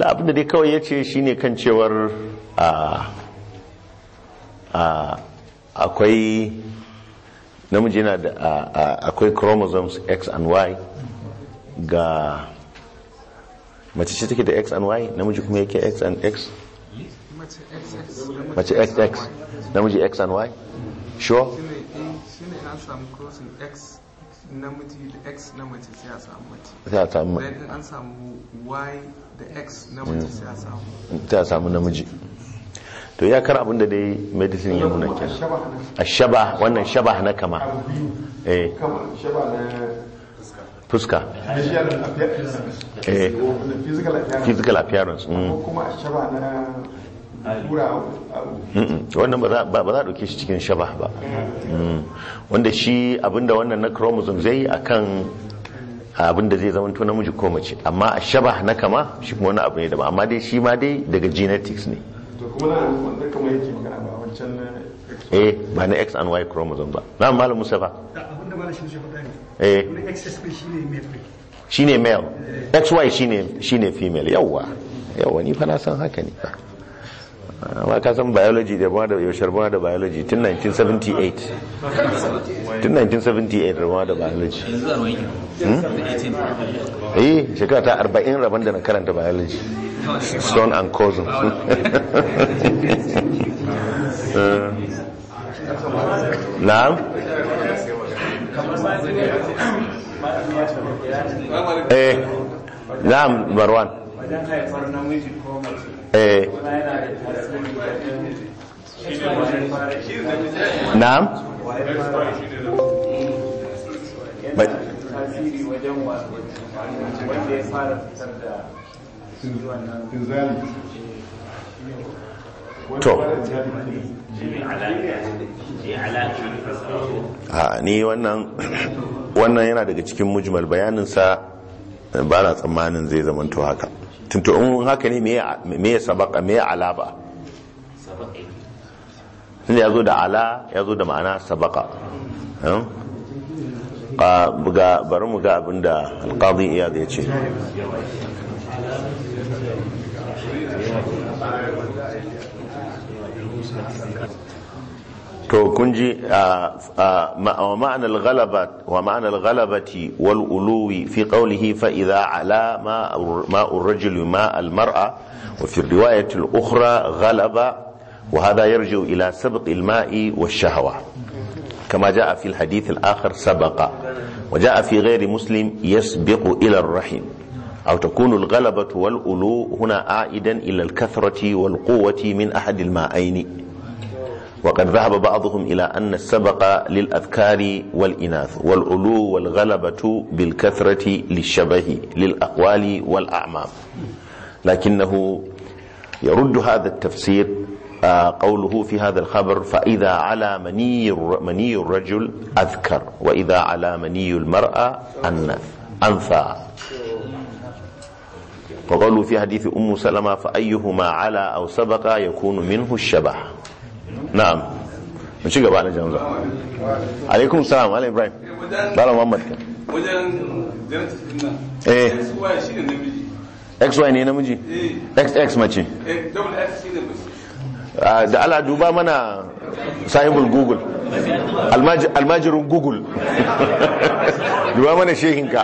abin da dai kawai ya ce shi ne kan cewar akwai namiji yana da akwai chromosomes x and y ga mace ce take da x and y namiji kuma yake x and x mace xx namiji x and y sure namiji da x na mace sai a samu mace sai a samu y da x namiji hmm. sai a samu namiji to ya kar abinda da ya medicine ya nuna ke a shaba wannan shaba na kama eh fuska eh physical appearance hmm. kuma shaba na wannan ba za a ɗauke shi cikin shaba ba eh. hmm. wanda shi abinda wannan na chromosome zai yi kan abin da zai zama to namiji ko mace amma a shaba na kama shi kuma wani abu ne daban amma dai shi ma dai daga genetics ne to kuma na wanda kama yake magana ba wancan eh ba na x and y chromosome ba na malam musa ba da malam shi shi faɗa ne eh ne male eh. xy shi ne female yawwa. Yawwa ni fa na san haka ne ba amma ka san biology da ba da yaushe ba da biology tun 1978 tun 1978 rabuwa da biology hmm? eh shekara ta 40 rabon da na karanta biology stone and cousin [LAUGHS] eh. na'am eh na'am marwan wajen haifar namiji ko mace Eh. na'am to ha ni [COUGHS] wannan yana daga cikin mujmal bayaninsa ba bana tsammanin zai zamanto haka tuntu haka ne me ya sabaka me ya alaba sabaka ya zo da ala ya zo da ma'ana sabaka hmm? ga bari mu ga abin da alƙadi iya ya ce to kun ji ma'ana al-ghalaba wa ma'ana al-ghalabati wal uluwi fi qawlihi fa idha ala ma ar-rajul ma al-mar'a wa fi riwayat al-ukhra ghalaba wa hadha yarji'u ila sabq al-ma'i wash-shahwa kama jaa fi al-hadith al-akhar sabaqa wa jaa fi ghairi muslim yasbiqu ila ar-rahim أو تكون الغلبة والألو هنا عائدا إلى الكثرة والقوة من أحد المائين وقد ذهب بعضهم إلى أن السبق للأذكار والإناث والعلو والغلبة بالكثرة للشبه للأقوال والأعمام لكنه يرد هذا التفسير آه، قوله في هذا الخبر فإذا على مني مني الرجل أذكر وإذا على مني المرأة أنثى وقالوا في حديث أم سلمة فأيهما على أو سبق يكون منه الشبه na'am mu ci gaba na janzo alaikum salam alai ibrahim bala muhammad kan wajen eh xy ne namiji xx mace da ala duba mana sahibul google almajirin google duba mana shehinka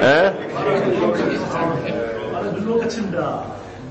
eh lokacin da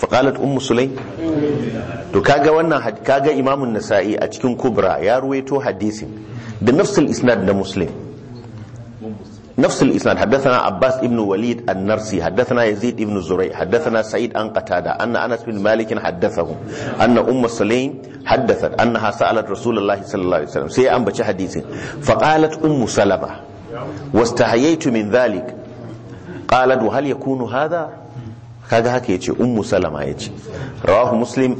faqalat ummu sulaym to kaga wannan kaga imam nasai a cikin kubra ya ruwaito hadisin da nafsul isnad da muslim nafsul isnad haddathana abbas ibn walid an-narsi haddathana yazid ibn zuray haddathana sa'id an qatada anna anas bin malik haddathahu anna ummu sulaym haddathat annaha sa'alat rasulullahi sallallahu alaihi wasallam sai an bace hadisin faqalat ummu salama wastahayaitu min dhalik qalat wa ya kunu hadha kaga haka yace ummu salama yace rawahu muslim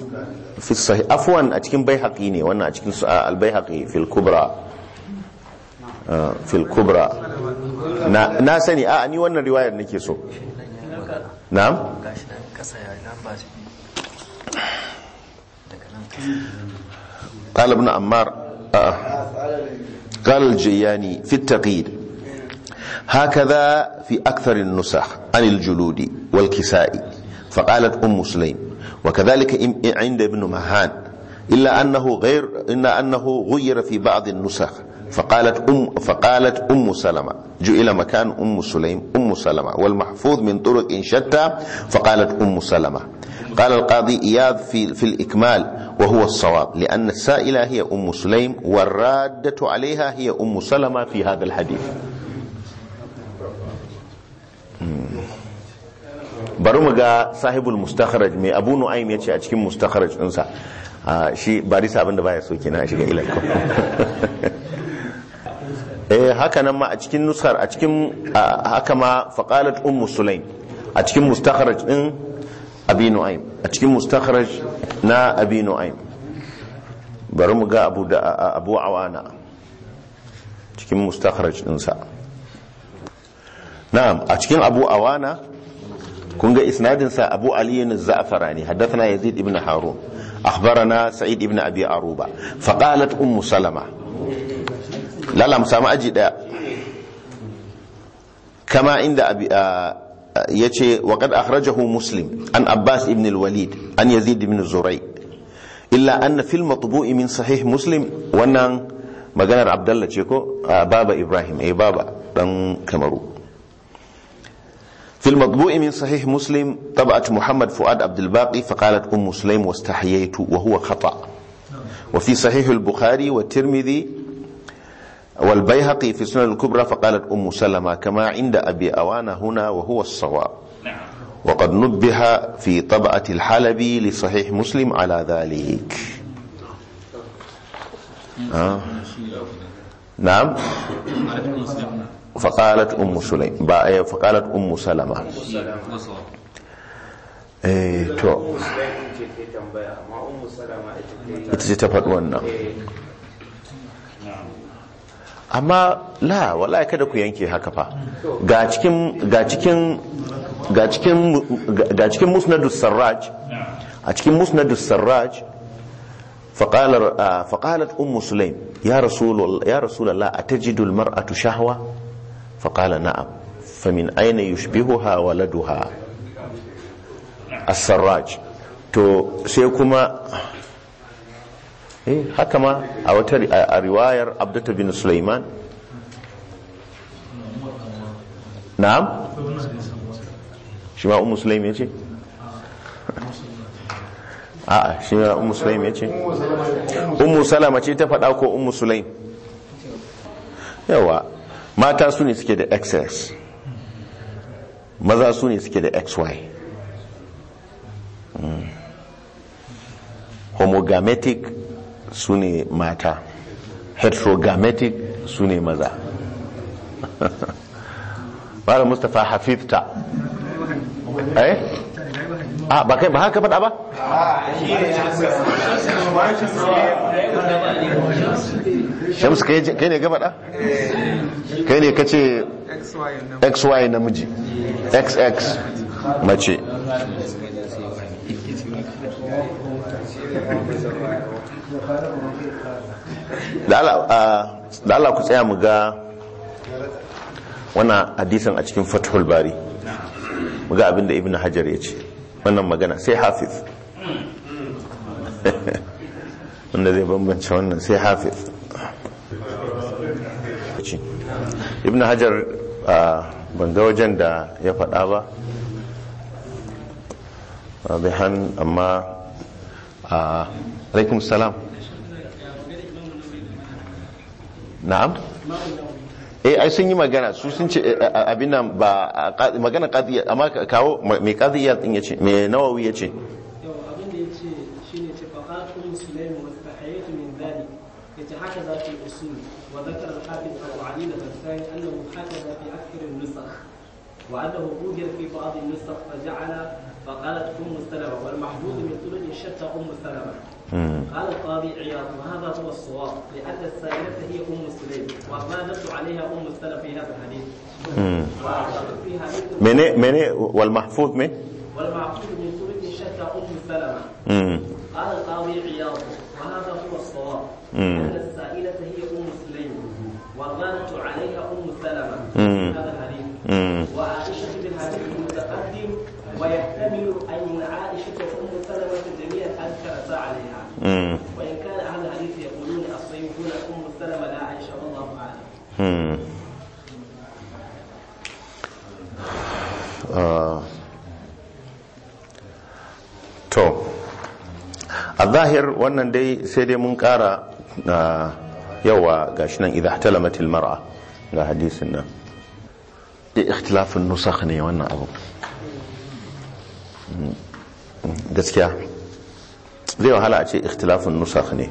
fi sahih afwan a cikin baihaqi ne wannan a cikin al baihaqi fil kubra fil kubra na na sani a ni wannan riwayar nake so na'am قال ابن عمار آه. قال الجياني في التقييد هكذا في أكثر النسخ عن الجلودي والكسائي فقالت أم سليم وكذلك عند ابن مهان إلا أنه غير إلا أنه غير في بعض النسخ فقالت أم فقالت أم سلمة إلى مكان أم سليم أم سلمة والمحفوظ من طرق إن شتى فقالت أم سلمة قال القاضي إياد في في الإكمال وهو الصواب لأن السائلة هي أم سليم والرادة عليها هي أم سلمة في هذا الحديث bari mu ga sahibul mustakharaj mai abu nu'aym ce a cikin mustakharaj ɗinsa shi barisa abinda baya so kenan a shiga ilal [LAUGHS] eh haka nan ma a cikin nusar a cikin haka ma faqalat ummu sulaim a cikin mustakharaj din abi nu'aym a cikin mustakharaj na abi nu'aym bari mu ga abu da abu awana cikin mustakharaj ɗinsa na na'am a cikin abu awana kun ga isnadin sa Abu Ali ibn Za'farani haddathana Yazid ibn Harun akhbarana Sa'id ibn Abi Aruba fa Ummu Salama lala mu aji daya kama inda abi yace wa ahrajahu akhrajahu an Abbas ibn al-Walid an Yazid ibn Zuray illa anna fil matbu'i min sahih Muslim wannan maganar Abdullah ceko baba Ibrahim e baba dan Kamaru في المطبوع من صحيح مسلم طبعت محمد فؤاد عبد الباقي فقالت أم سليم واستحييت وهو خطأ وفي صحيح البخاري والترمذي والبيهقي في السنن الكبرى فقالت أم سلمة كما عند أبي أوان هنا وهو الصواب نعم. وقد نبه في طبعة الحلبي لصحيح مسلم على ذلك آه. نعم فقالت ام سليم با فقالت ام سلمة eh to ita ce ta wannan amma la wallahi kada ku yanke haka fa ga cikin ga cikin ga cikin ga cikin musnadus sarraj a cikin musnadus sarraj فقال فقالت ام سليم يا رسول الله يا رسول mar'atu shahwa فقال نعم فمن أين يشبهها ولدها السراج to sai kuma haka ma a wata a riwayar abdata bin sulaiman na'am shi ma ummu sulaim yace a'a shi salama ce ta faɗa ko ummu sulaim yawa mata su ne suke da xx maza su ne suke da xy hmm. homogametic su ne mata heterogametic su ne maza Ba [LAUGHS] da mustapha hafifta eh a ah, ba kai ba haka faɗa ba shamsu kai ne gabaɗa kai ne ka ce xy namiji xx mace ah, da Allah ku tsaya mu ga wannan hadisin a cikin fathul bari mu ga abinda ibn hajar ya ce wannan magana sai hafiz [LAUGHS] wanda zai bambance wannan sai hafiz ibn hajar ban ga wajen da ya faɗa ba bihan amma alaikum salam na'am eh ai sun yi magana su sun ce eh, eh, abin nan magana qadiyya amma kawo mai qadiyya din yace mai nawawi yace to abin da yace shine ce faqatu muslim wa tahiyatu min dali yace haka za ta usul wa dakar al-hafiz abu ali da bastai annahu hakaza fi akthar an-nusakh wa annahu ujir fi ba'd an-nusakh fa ja'ala faqalat ummu salama wal mahdud min tulun shatta ummu salama قال القاضي إيه- إيه؟ عياض وهذا هو الصواب لأن السائلة هي أم سليم وما نبت عليها أم السلف في هذا الحديث من من والمحفوظ من والمحفوظ من سورة شتى أم سلمة قال القاضي عياض وهذا هو الصواب لأن السائلة هي أم سليم نبت عليها أم سلمة في هذا الحديث وعائشة في الحديث المتقدم ويحتمل أن عائشة to a zahir wannan dai sai dai mun kara yawa shi nan idan talamatil mar'a ga hadisun nan da ikhtilafin nusa ne wannan abu gaskiya zai wahala a ce ikhtilafin nusakh ne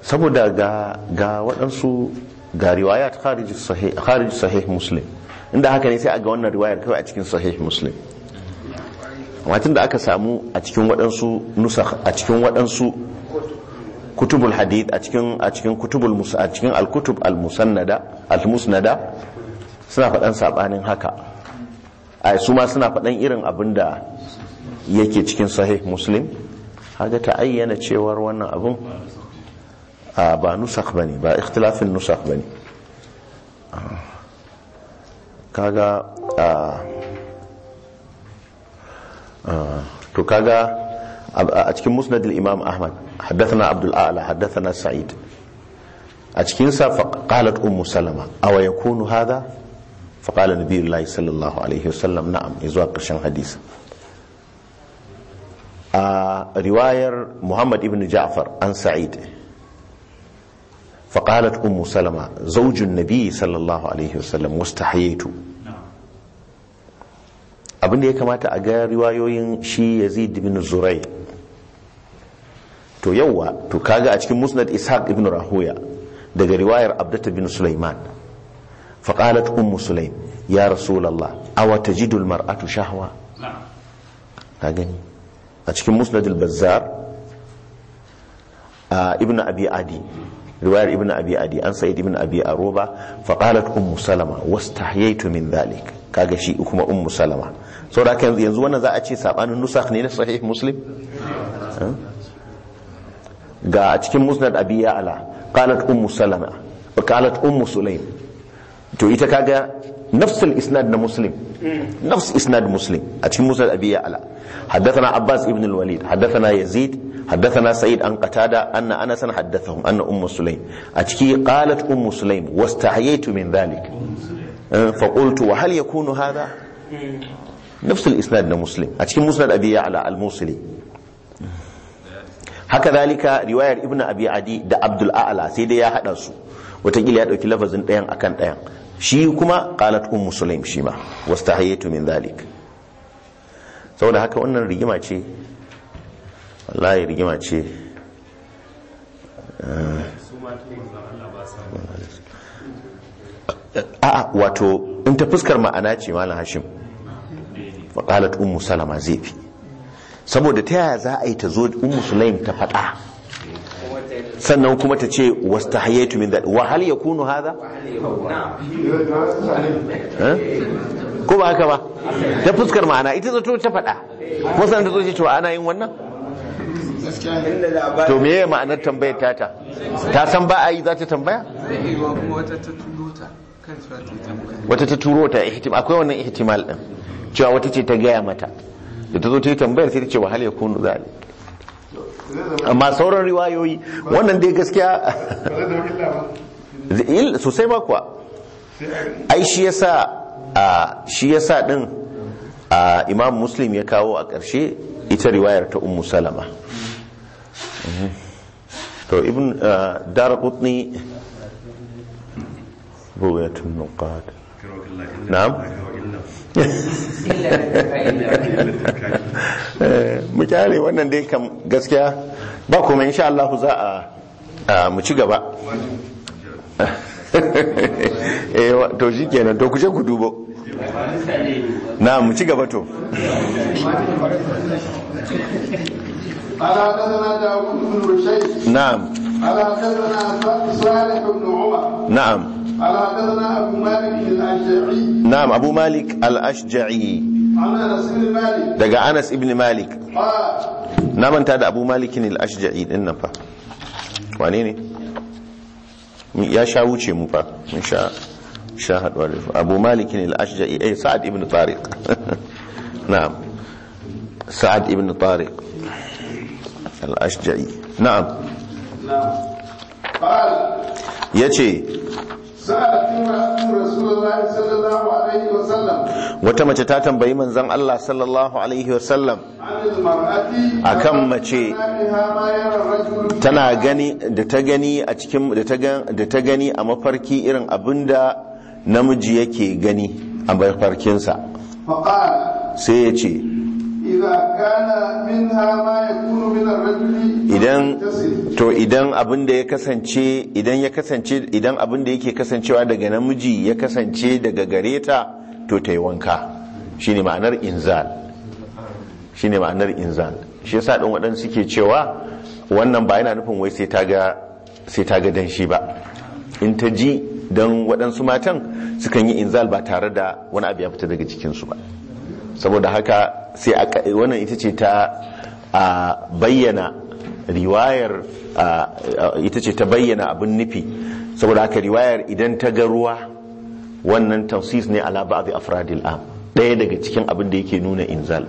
saboda ga ga waɗansu ga riwayat kharij sahih muslim inda haka ne sai a ga wannan riwayar kawai a cikin sahih muslim amma tun da aka samu a cikin waɗansu nusakh a cikin waɗansu kutubul hadith a cikin a cikin kutubul a cikin al-kutub al suna faɗan sabanin haka ai su ma suna faɗan irin abinda yake cikin sahih muslim haga ta ayyana cewar wannan abun ba nusak ba ne ba ikhtilafin nusak ba ne kaga to kaga a cikin musnad imam ahmad haddathana abdul a'la haddathana sa'id a cikin sa qalat ummu salama aw yakunu hadha fa qala nabiyullahi sallallahu alaihi wasallam na'am izuwa karshen hadisi a riwayar muhammad ibn ja'far an sa'id faƙalat أم salama zaujin nabi sallallahu alaihi wasallam وسلم abin da ya kamata a ga riwayoyin shi yazid ibn zurai to yauwa to kaga a cikin musnad ishaq ibn rahuya daga riwayar abdata bin sulaiman faƙalat ummu sulaim ya a wata jidul mar'atu shahwa gani a cikin musnadul bazzar a ibn abi adi riwayar ibn abi adi an sa'id ibn abi aroba faqalat qalat ummu salama wastahyaytu min dhalik kaga shi kuma ummu salama saboda haka yanzu wannan za a ce sabanin nusakh ne na sahih muslim ga a cikin musnad abi ya'la qalat ummu salama qalat ummu sulaim to ita kaga nafsul isnad na muslim nafs isnad muslim a cikin musnad abi ya'la haddathana abbas ibn al-walid yazid haddathana sa'id an qatada anna anas haddathahum anna ummu a ciki qalat ummu sulaim wastahyaytu min dhalik fa qultu wa hal yakunu hadha nafs al-isnad na muslim a cikin musnad abi ya'la al-musli haka zalika riwayar ibn abi da abdul a'la sai dai ya hada su watakila ya dauki lafazin ɗayan akan ɗayan shi kuma qalat ummu sulaim shi ma wastahiyatu min dhalik saboda haka wannan rigima ce wallahi rigima ce eh, a'a wato in ta fuskar ma'ana ce malam hashim qalat ummu salama zai fi saboda ta yaya za a yi ta zo ummu sulaim ta faɗa sannan kuma ta ce ta wastahyaitu min dhalik wa hal kunu haza ko ba haka ba ta fuskar ma'ana ita zato ta faɗa kuma sannan ta zo ce to ana yin wannan to me ya ma'anar tambayar tata ta san ba a yi za ta tambaya wata ta turo ta akwai wannan ihtimal din cewa wata ce ta gaya mata da ta zo ta yi tambayar sai ta ce wa ya kunu dhalik amma sauran riwayoyi wannan dai gaskiya sosai ba kuwa ai shi yasa shi yasa din imam muslim ya kawo a ƙarshe ita riwayar ta ummu salama mhm. to ibn darqutni buwayatun nuqad na'am Eh, mu kyale wannan dai kam gaskiya ba kuma insha Allah za a mu ci gaba [LAUGHS] eh to shi kenan to kuje ku dubo na mu ci gaba to Na'am. حدثنا بن رشيد نعم حدثنا صالح بن عمر نعم نعم أبو مالك الأشجعي عن أنس بن مالك دقى أنس بن مالك نعم أنت هذا أبو مالك الأشجعي إنه فا وانيني يا شاوشي مبا إن شاء شاهد والف أبو مالك الأشجعي أي سعد ابن طارق نعم سعد ابن طارق الأشجعي نعم نعم قال يتي wata mace ta tambayi manzon Allah sallallahu alaihi wasallam akan mace tana gani da ta gani a mafarki irin da namiji yake gani a mafarkinsa sai ya ce idan to idan abin da ya kasance idan ya kasance idan abin da yake kasancewa daga namiji ya kasance daga gareta to ta yi wanka shine ma'anar inzal shine ma'anar inzal shi yasa din waɗanda suke cewa wannan ba yana nufin wai sai ta ga sai ta danshi ba in ta ji dan waɗansu matan sukan yi inzal ba tare da wani abu ya fita daga cikinsu ba saboda haka sai wannan ita ce ta bayyana riwayar ita ce ta bayyana abin nufi saboda haka riwayar idan ta ga ruwa wannan tausis ne ala ba'd afradil am ɗaya daga cikin abin da yake nuna inzal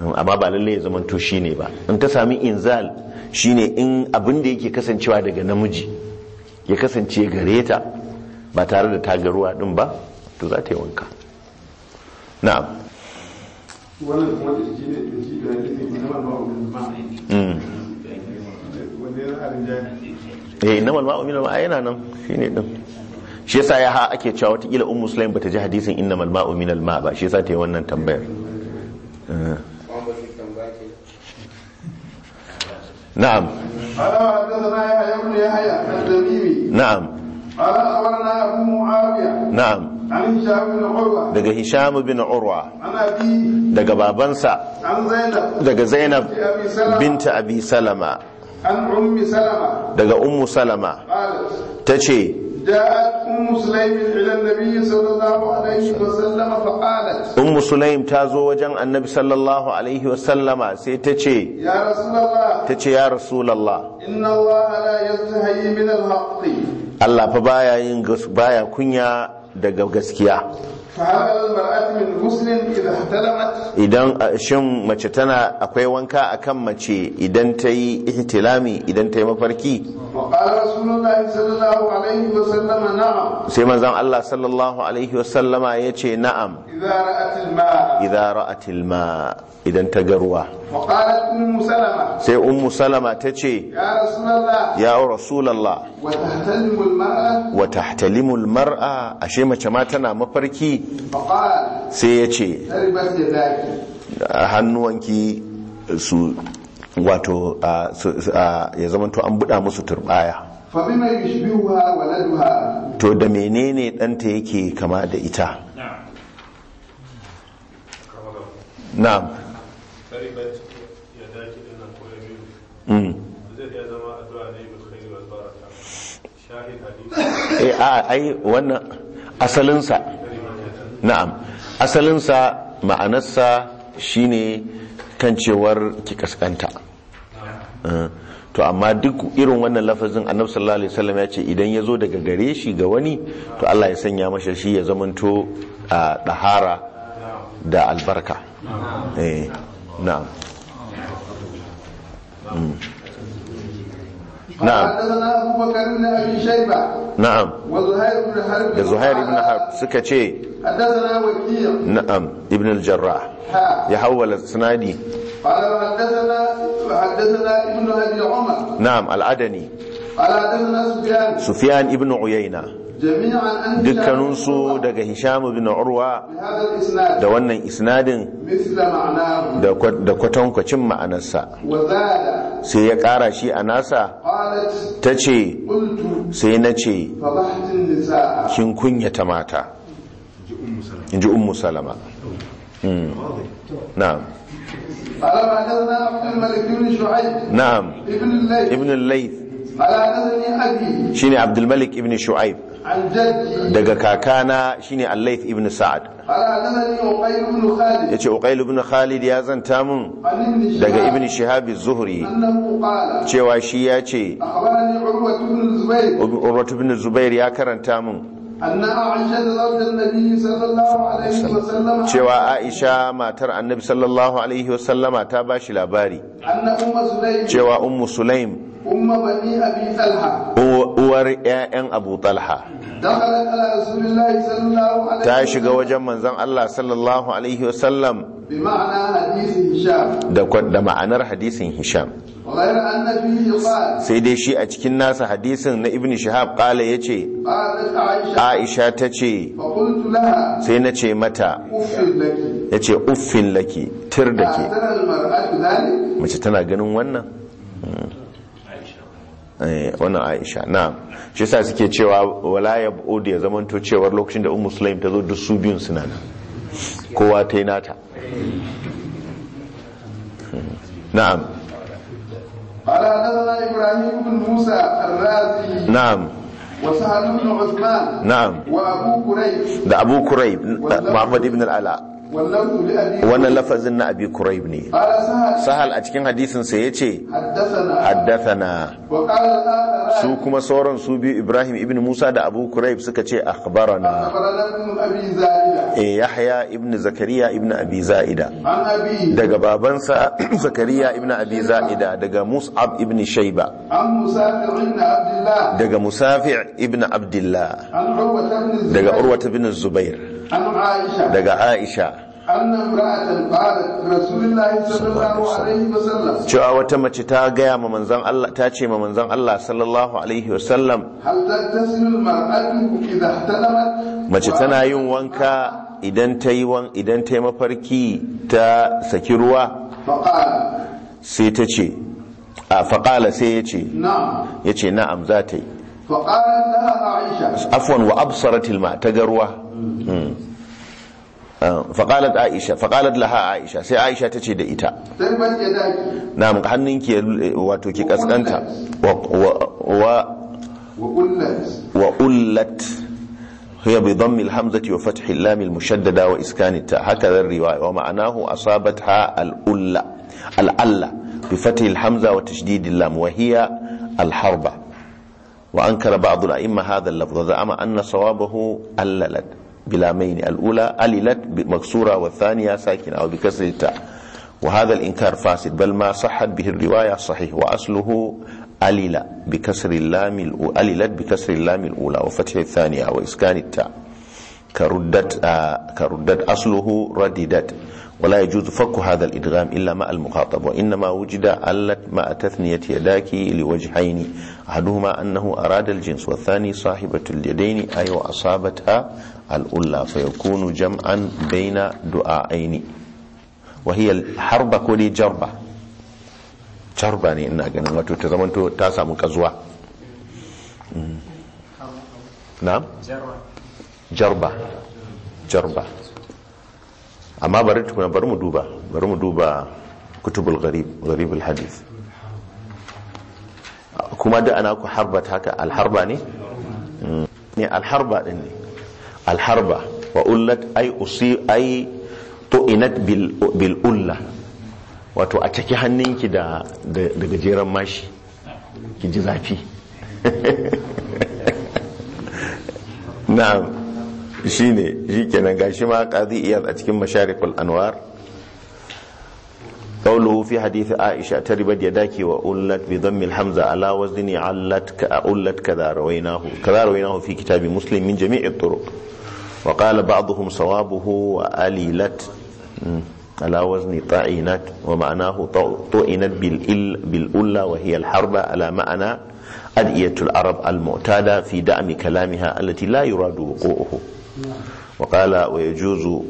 amma ba lallai ya zama zamanto shine ba in ta sami inzal shine in abin da yake kasancewa daga namiji ya kasance gare ta ba tare da ta ga ruwa din ba to za ta yi wanka na'am wannan kuma da shi ne to shi da yake ne na malma'u min ma'a mm. eh na malma'u min ma yana nan shine din shi yasa ya ha ake cewa watakila ummu sulaim bata ji hadisin inna malma'u min ma ba shi yasa ta yi wannan tambayar eh. na'am ala hadathana ya ibn yahya al-tamimi na'am ala akhbarana abu muawiya na'am daga hisham bin urwa daga babansa daga zainab binta abi salama daga ummu salama ta ce ummu sulaim ta zo wajen annabi sallallahu alaihi wasallama sai ta ce ta ce ya rasulallah Allah fa baya yin baya kunya daga gaskiya idan shin mace tana akwai wanka akan mace idan ta yi ihtilami idan ta yi mafarki sai manzan Allah sallallahu alaihi wasallama ya ce na'am idan ra'atil ma idan ta garuwa sai ummu salama ta ce ya rasulallah wa tahtalimul mar'a ashe mace ma tana mafarki sai ya ce hannuwanki su wato ya zamanto an buɗa musu turbaya to da menene ɗanta yake kama da ita na'am mm. eh, ai wannan asalinsa na'am asalinsa ma'anarsa shine kan cewar ki kaskanta eh. to amma duk irin wannan lafazin annabi sallallahu alaihi wasallam ya ce idan ya zo daga gare shi ga wani to Allah ya sanya masa shi ya zamanto a dahara da albarka eh na'am hmm. نعم حدثنا أبو بكر بن أبي شيبة نعم وزهير بن حرب زهير بن حرب سكتشي حدثنا وكيع نعم ابن الجراح يحول سنادي قال حدثنا حدثنا ابن أبي عمر نعم العدني قال حدثنا سفيان سفيان ابن عيينة dukkaninsu daga hisham bin urwa da wannan isnadin da kwatankwacin ma'anarsa sai ya ƙara shi a nasa ta ce sai na ce kin kunyata mata in ji ummu salama hmm. na'am na'am ibn al-layth shine ibn shu'aib daga kakana shine Al-Layth ibn Sa'ad yace Uqayl ibn Khalid ya zanta mun daga Ibn Shihab az-Zuhri cewa shi yace Urwat ibn Zubair ya karanta mun cewa aisha matar annabi sallallahu alaihi wasallama ta ba shi labari cewa ummu sulaim umma bani uwar ƴaƴan abu talha sallallahu alaihi ta shiga wajen manzan Allah sallallahu alaihi wasallam hadisin da ma'anar hadisin hisham sai dai shi a cikin nasa hadisin na ibn shahab kala ya ce aisha ta ce sai na ce mata ya ce uffin laki tir da ke mace tana ganin wannan hmm. Eh, wannan aisha na shi sa suke cewa wala ya bude ya zamanto cewar lokacin da ummu sulaim ta zo duk su biyun suna nan kowa ta yi nata na'am قال حدثنا ابراهيم بن موسى الرازي نعم wa abu kurai da abu kurai ibn al'ala wannan lafazin na abi kuraib ne sahal a cikin hadisinsa ya ce haddathana su kuma sauran su biyu ibrahim ibn musa da abu kuraib suka ce akhbarana e yahya ibn zakariya ibn abi za'ida daga babansa [CLEARS THROAT] zakariya ibn abi za'ida daga mus'ab ibn shayba daga musafi' ibn abdullah daga urwata ibn zubair daga aisha cewa wata mace ta gaya ma manzan Allah ta ce ma manzan Allah sallallahu alaihi wasallam mace tana yin wanka idan ta yi idan ta yi mafarki ta saki ruwa sai ta ce a faƙala sai ya ce ya ce na'am za ta yi afuwan hmm. ah, aisha laha aisha sai aisha ta ce da ita na muka hannun wato ke ƙasƙanta wa ƙullat ya bi don mil hamzati wa fatihin lamil mushaddada wa iskanita haka zan riwaya wa ma'anahu asabat ha al'alla bi fatihin hamza wa tashdidin lam wa hiya alharba وأنكر بعض الأئمة هذا اللفظ زعم أن صوابه أللت بلا مين الأولى أللت مكسورة والثانية ساكنة أو بكسر التاء وهذا الإنكار فاسد بل ما صحت به الرواية صحيح وأصله ألل بكسر اللام الأولى أللت بكسر اللام الأولى وفتح الثانية وإسكان التاء كردت آه كردت أصله رددت ولا يجوز فك هذا الإدغام إلا مع المخاطب وإنما وجد علت مع تثنية يداك لوجهين أحدهما أنه أراد الجنس والثاني صاحبة اليدين أي أيوة وأصابتها الأولى فيكون جمعا بين دعائين وهي الحرب كولي جربة جربة يعني ina ganin wato ta نعم جربة جربة kazuwa amma bari tukuna bari mu duba bari mu duba kutubul gharib gharibul hadith kuma da ana ku harba haka alharba ne ne alharba din ne alharba wa ullat ay usi ay tu'inat bil bil ulla wato a caki hannunki da da gajeren mashi ki ji zafi [LAUGHS] na'am shi ne shi gashi ma iya a cikin masharikul anwar ƙaunuhu fi hadithi aisha ta ribar ya dake wa ullat bi don mil hamza ala wazin ya ullat ka za rawai nahu fi kitabi muslim min jami'i turu wa ƙala ba'aduhum sawabuhu wa alilat hmm, ala wazin ta'inat wa ma'anahu ta'inat bil ulla harba ala ma'ana adiyatul arab al-mu'tada fi da'ami kalamiha allati la yuradu wuqu'uhu وقال ويجوز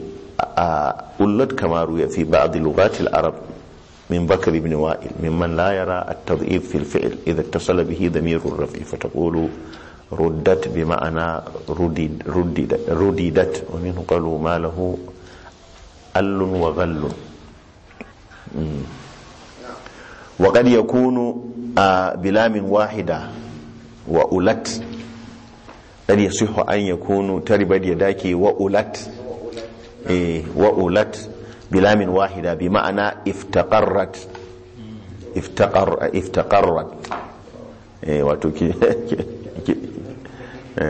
آه، أولد كما روي في بعض لغات العرب من بكر بن وائل ممن لا يرى التضعيف في الفعل إذا اتصل به ضمير الرفع فتقول ردت بمعنى ردد ردد رددت ومنه قالوا ما له أل وغل وقد يكون آه، بلام واحدة وأولت qad yasihu an yakunu taribad yadaki wa ulat eh wa ulat bilamin wahida bi ma'ana iftaqarrat iftaqar e, wato ki e,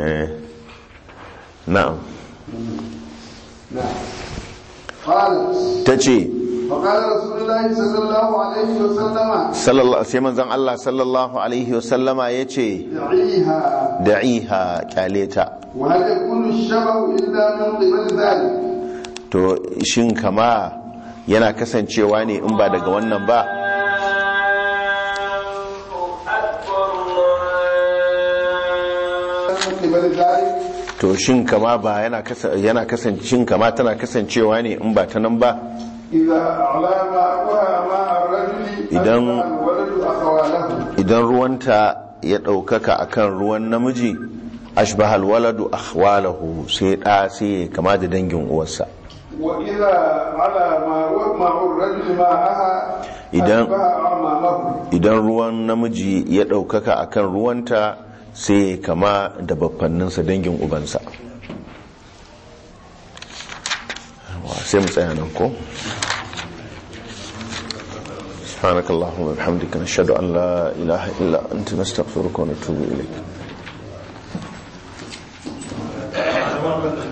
na'am na'am tace Sai رسول Allah sallallahu alaihi wasallama ya ce da'iha kyaleta wa hal to shin kama yana kasancewa ne in ba daga wannan ba to shin kama ba yana kasancewa ne in ba ta nan ba idan ruwanta ya ɗaukaka akan ruwan namiji ashbahal waladu ahwalahu sai ɗa sai ya kama da dangin uwarsa idan ruwan namiji ya ɗaukaka akan ruwanta sai ya kama da baffanninsa dangin ubansa sai mu tsaya nan ko سبحانك اللهم وبحمدك نشهد أن لا إله إلا أنت نستغفرك ونتوب إليك